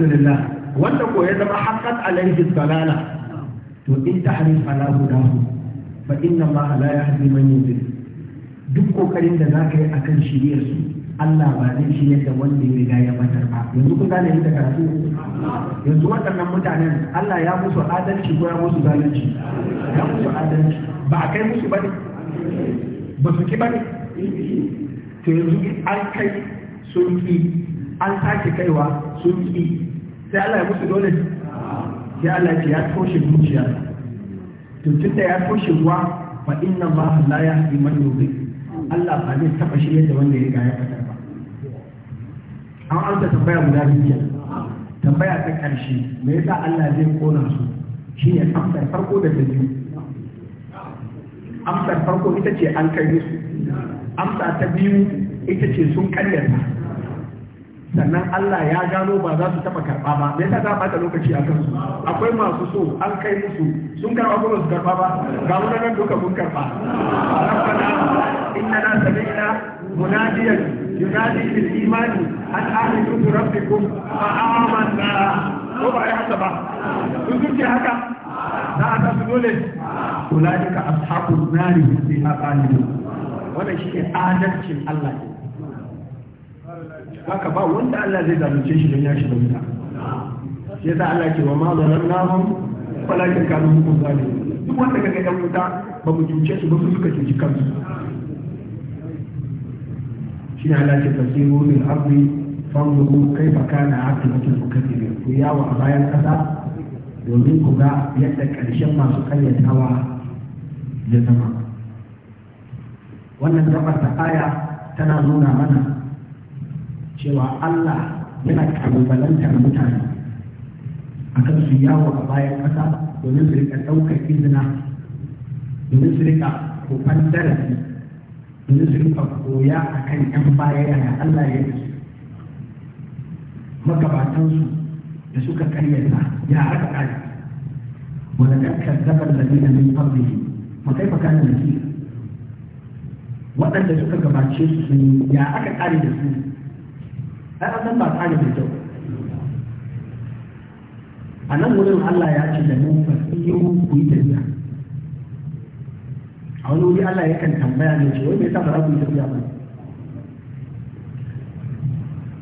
lillah wanda ko ya zama haqqan alayhi salala to in tahrif ala hudahu fa inna Allah la yahdi man yudhil duk kokarin da za ka yi akan shiriyar su Allah ba zai shirya da wanda ya riga ya batar ba yanzu kun gane yadda karatu yanzu waɗannan mutanen Allah ya musu adalci ko ya musu zalunci ya musu adalci ba a kai musu bane ba su ki bane to yanzu an kai sun ki an sake kaiwa sun ki sai Allah ya musu dole sai Allah ya toshe zuciya to tunda ya toshe ruwa fa inna ma la fi man yubi Allah ba zai taba shi yadda wanda ya ga ya fata ba an amsa tambaya guda biyu tambaya ta karshe me yasa Allah zai kona su shi ne amsar farko da ta biyu amsar farko ita ce an kai su. amsa ta biyu ita ce sun karyata sannan Allah ya gano ba za su taɓa karɓa ba me yasa za ɓata lokaci a kansu akwai masu so an kai musu sun karɓa kuma su karɓa ba ga mu nan duka mun karɓa rabbana na sami'na munadiyan yunadi bil imani an aminu bi rabbikum fa amanna ko ba ya haka ba sun zuke haka za a tafi dole ulaika ashabun nari fi abalin wannan shine adalcin Allah ne haka ba wanda Allah zai zalunce shi don ya shiga wuta ya sa Allah ke wa ma zalamnahum walakin kanu hukum zalimin duk wanda ka yan wuta ba mu cuce su ba su suka cuci kansu shi ne Allah ke tafsiru bil ardi fanzuru kaifa kana aqibatul mukaththirin ku yawo a bayan kasa domin ku ga yadda ƙarshen masu karyatawa ya zama wannan gabar ta aya tana nuna mana cewa Allah yana kalubalantar mutane a kan su yawo a bayan ƙasa domin su rika ɗaukar izina domin su rika kofar darasi domin su rika koya a kan ‘yan baya yana Allah ya yi su magabatansu da suka karyata ya aka ƙari wanda ɗan kazzabar da nuna min ƙarfi makai fa kanin da waɗanda suka gabace su sun ya aka ƙari da su ai an san ba tsari mai kyau a nan wurin Allah ya ce da mu fasiyu ku yi tafiya a wani wuri Allah ya kan tambaya ne ce wai me yasa ba za ku yi tafiya ba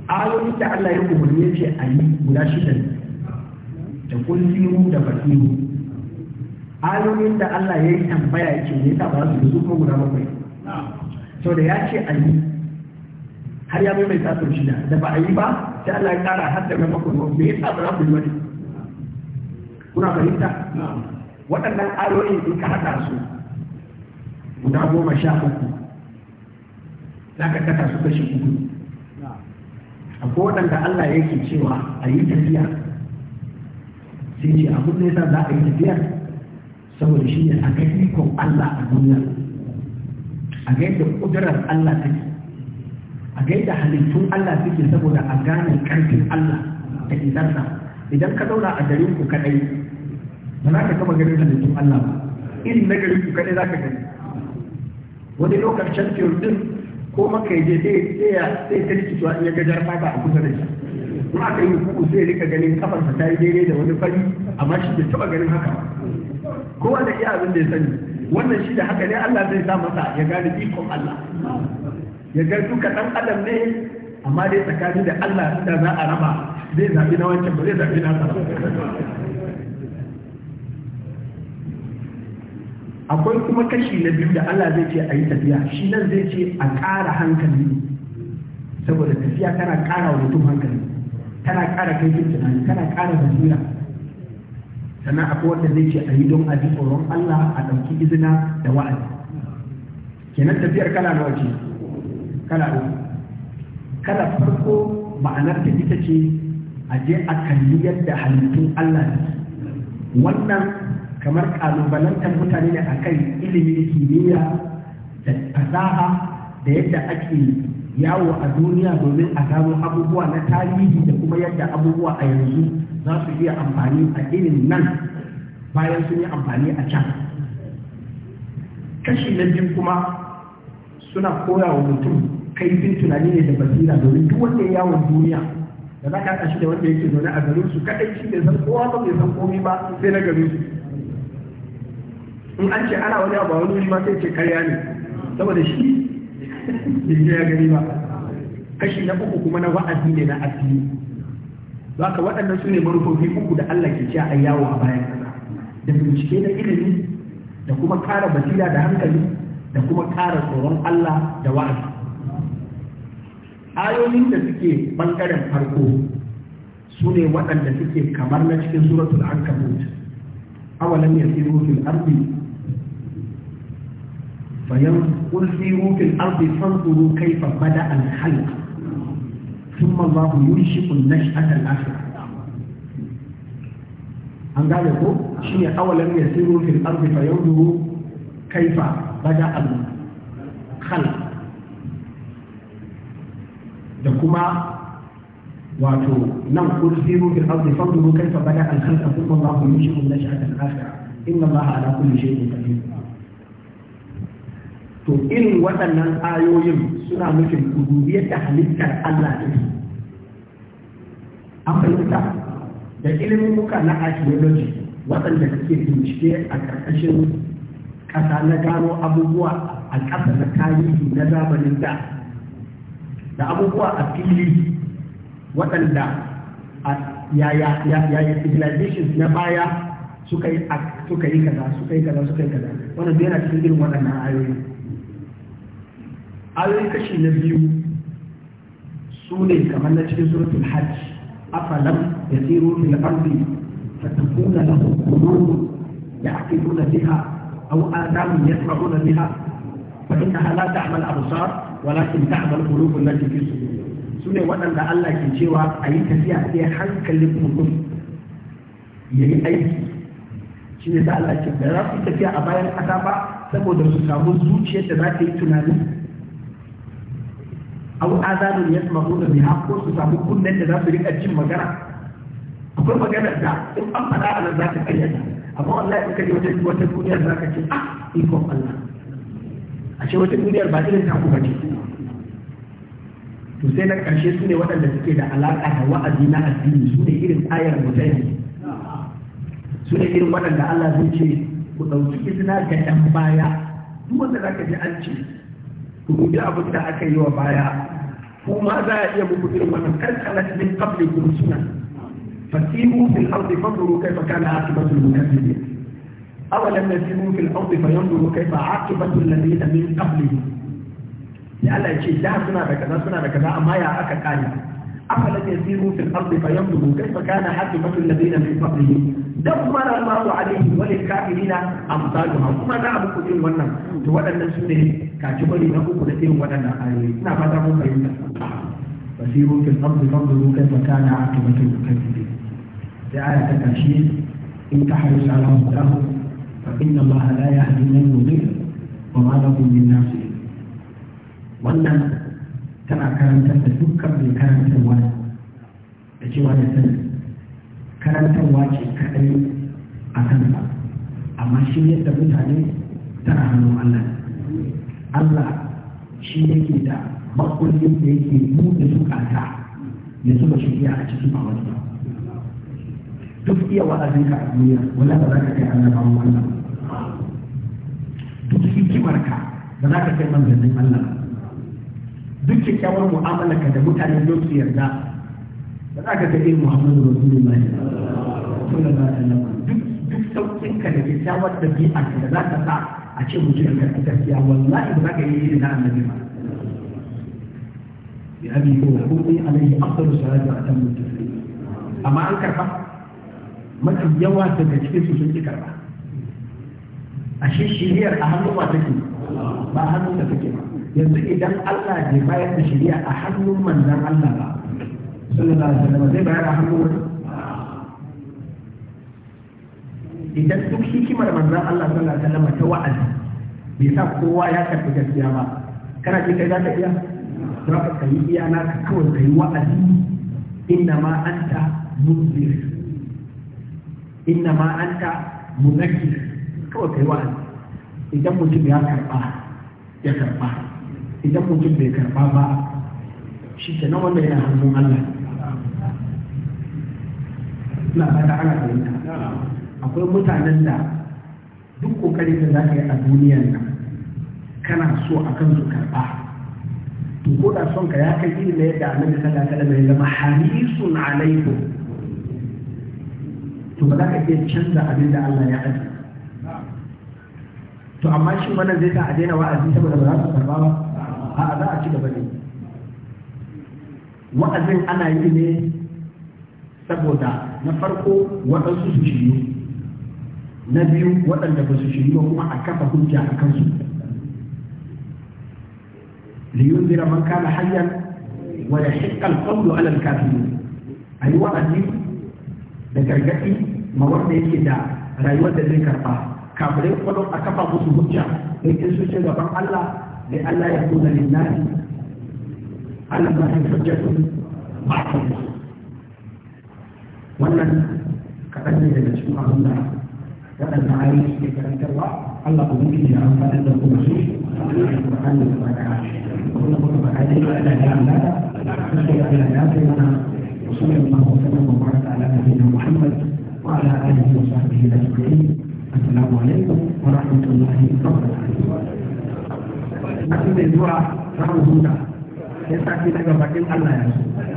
ayoyin da Allah ya umarni ya ce a yi guda shida ne da kulliyu da fasihu. ayoyin da Allah ya yi tambaya ya ce me yasa ba za su yi su kuma guda bakwai sau ya ce a yi har ya mai tasar shida da ba a yi ba sai Allah ya kara har da maimakon wa me yasa ba za ku yi wani kuna fahimta waɗannan ayoyin in ka haɗa su guda goma sha uku za ka kasa su kashi uku akwai waɗanda Allah yake cewa a yi tafiya sai ce abin da yasa za a yi tafiya saboda shi ne a ga ikon Allah a duniya a ga yadda ƙudurar Allah take a ga yadda halittun Allah suke saboda a gane karfin Allah da idarsa idan ka zauna a garin ku kadai ba za ka kama garin halittun Allah ba irin na garin ku kadai za ka gani wani lokacin fiye din ko maka yaje sai sai ta rikici wa ya gajar fata a kusa da shi kuma aka yi hukuku sai rika ganin kafarsa ta yi daidai da wani fari amma shi bai taba ganin haka kowa da iya abin da ya sani wannan shi da haka ne Allah zai sa masa ya gane ikon Allah ya ga duka dan adam ne amma dai tsakani da Allah da za a raba zai zaɓi na wancan ba zai zaɓi na ba akwai kuma kashi na biyu da Allah zai ce a yi tafiya shi nan zai ce a ƙara hankali saboda tafiya tana ƙara wa mutum hankali tana ƙara kaifin tunani tana ƙara basira sannan akwai wanda zai ce a yi don a ji tsoron Allah a ɗauki izina da wa'azi kenan tafiyar kala nawa ce kala farko ma'anar da ita ce a je a kalli yadda halittun Allah ne wannan kamar kalubalantar mutane ne akan ilimin kimiyya da fasaha da yadda ake yawo a duniya domin a gano abubuwa na tarihi da kuma yadda abubuwa a yanzu za su iya amfani a irin nan bayan sun yi amfani a can kashi na biyu kuma suna koya wa mutum kaifin tunani ne da basira domin duk wanda ya yawon duniya da za ka shi da wanda yake zaune a garin su kadai shi bai san kowa ba bai san komai ba sai na garin su in an ce ana wani abu a wani wuri ma sai ce karya ne saboda shi bai ya gani ba kashi na uku kuma na wa'azi ne na addini za ka waɗannan su ne manufofi uku da Allah ke cewa a yawo a bayan kasa da bincike na ilimi da kuma ƙara basira da hankali da kuma ƙara tsoron Allah da wa'azi ayoyin da suke bangaren farko su ne waɗanda suke kamar na cikin suratul ankabut awalan ya fi rufin ardi fayan qul siru fil ardi fanzuru kayfa bada al khalq thumma allah yunshiqu an nash'ata al akhirah an gane ko shine awalan ya fi rufin fil ardi fayanzuru kayfa bada al khalq da kuma wato nan kursiru bil ardi fanzuru kayfa bada al khalqa thumma Allahu yunshiru nash'ata al akhirah inna Allaha ala kulli shay'in qadir to in waɗannan ayoyin suna nufin rububiyar da halittar Allah ne an fahimta da ilimin muka na archaeology waɗanda suke bincike a ƙarƙashin ƙasa na gano abubuwa a ƙasa na tarihi na zamanin da da abubuwa a fili waɗanda ya yi civilization na baya suka yi suka yi kaza suka yi kaza suka yi kaza wannan duk yana cikin irin waɗannan ayoyi ayoyi kashi na biyu su ne kamar na cikin suratul hajj afalam tsiro fil ardi fa takuna lahu qulub ya'qiluna biha aw adamu yasma'una biha fa innaha la ta'mal absar walakin ta'mal qulubun lati fi su ne waɗanda Allah ke cewa a yi tafiya sai hankalin mutum ya yi aiki shi ne sa Allah ce da za su tafiya a bayan ƙasa ba saboda su samu zuciyar da za ta yi tunani au azanun yasma'una biha ko su samu kunnen da za su riƙa jin magana akwai maganar da in an faɗa a nan za ta karyata amma wallahi in ka je wata wata duniya za ka ce ah ikon Allah a ce wata duniyar ba irin ta ba ce to sai na ƙarshe su ne waɗanda suke da alaƙa da wa'azi na addini su ne irin ayar mutane su ne irin waɗanda Allah zai ce ku ɗauki izina ga ɗan baya duk wanda za ka ji an ce ku dubi abin da aka yi wa baya ku ma za a iya muku irin wannan karkarar min kafin kun suna fasihu fil ardi fadru kaifa kana akibatu al-mukaththibin أولم يسيروا في الأرض فينظروا كيف عاقبة الذين من قبلهم لألا يشيء ده سنة بكذا سنة بكذا أما يا أكا كاري أولم يسيروا في الأرض فينظروا كيف كان عاقبة الذين من قبلهم دمر الله عليهم وللكافرين أمثالها كما نعم كتير ونعم تولى النسوة كاتبري نقوم كتير ونعم آيوي نعم هذا هو فسيروا في الأرض فانظروا كيف كان عاقبة المكذبين لآية تكاشير إن تحرص على هداهم إن الله لا يهدي من يضل وما له من ناصر wannan tana karantar da dukkan mai karantarwa da cewa da sani karantarwa ce kaɗai a kansa amma shi yadda mutane tana hannun Allah Allah shi yake da makullin da yake buɗe zukata ya zuba shirya a cikin a wani duk iya wa'azinka a duniya wala ba za ka kai annabawan wannan duk hikimarka ba za ka kai manzannin Allah duk kyakkyawar mu'amalarka da mutane don su yarda ba za ka kai irin Muhammadu Rasulullahi sallallahu alaihi wasallam duk duk saukin ka da kyakkyawar dabi'a da za ka sa a ce mutum ya karɓi gaskiya wallahi ba za ka yi irin na annabi ba bi abi ko ko alaihi afdalu salatu wa atammu taslim amma an karɓa mafi yawa daga cikin su sun ki karba ashe shiriyar a hannu ba take ba hannun da take ba yanzu idan Allah bai bayar da shiriya a hannun manzon Allah ba sallallahu alaihi wasallam zai bayar a hannun wani idan duk hikimar manzon Allah sallallahu alaihi wasallam ta wa'azi bai sa kowa ya karɓi gaskiya ba kana ji kai za ka iya za ka yi iya na kawai kai wa'azi inna ma anta munzir inna ma anta munaki kawai kai wa'azi idan mutum ya karba ya karba idan mutum bai karba ba shi ke nan wanda yana hannun Allah na ba ta ana fahimta akwai mutanen da duk kokarin da za ka yi a duniyar nan kana so a kan su karba to ko da son ka ya kai ilimin da yadda annabi sallallahu alaihi wasallam ya zama harisun alaikum to ba za ka iya canza abin da Allah ya aji to amma shi wannan zai ta a daina wa'azi saboda ba za su karba ba a'a za a ci gaba ne wa'azin ana yi ne saboda na farko waɗansu su shiryu na biyu waɗanda ba su shiryu ba kuma a kafa hujja a kansu liyunzira man kana hayyan ويحق القول على الكافرين أي أيوة وعدي لجرجتي ma wanda yake da rayuwar da zai karba kafirai kwadon a kafa musu hujja don in sun ce gaban Allah da Allah ya kuna lillahi Allah ba shi hujjatun ba ta wannan kaɗan ne daga cikin abin da waɗanda yi suke karantarwa Allah ku mutu ya amfani da kuma su Subhanahu wa ta'ala kuma kuma ba a yi da ya Allah da kuma da ya kai mana وصلى الله وسلم وبارك على نبينا muhammad. وعلى آله وصحبه أجمعين السلام عليكم ورحمة الله وبركاته. Kami berdua, kami sudah. Kita kita kebakin Allah ya.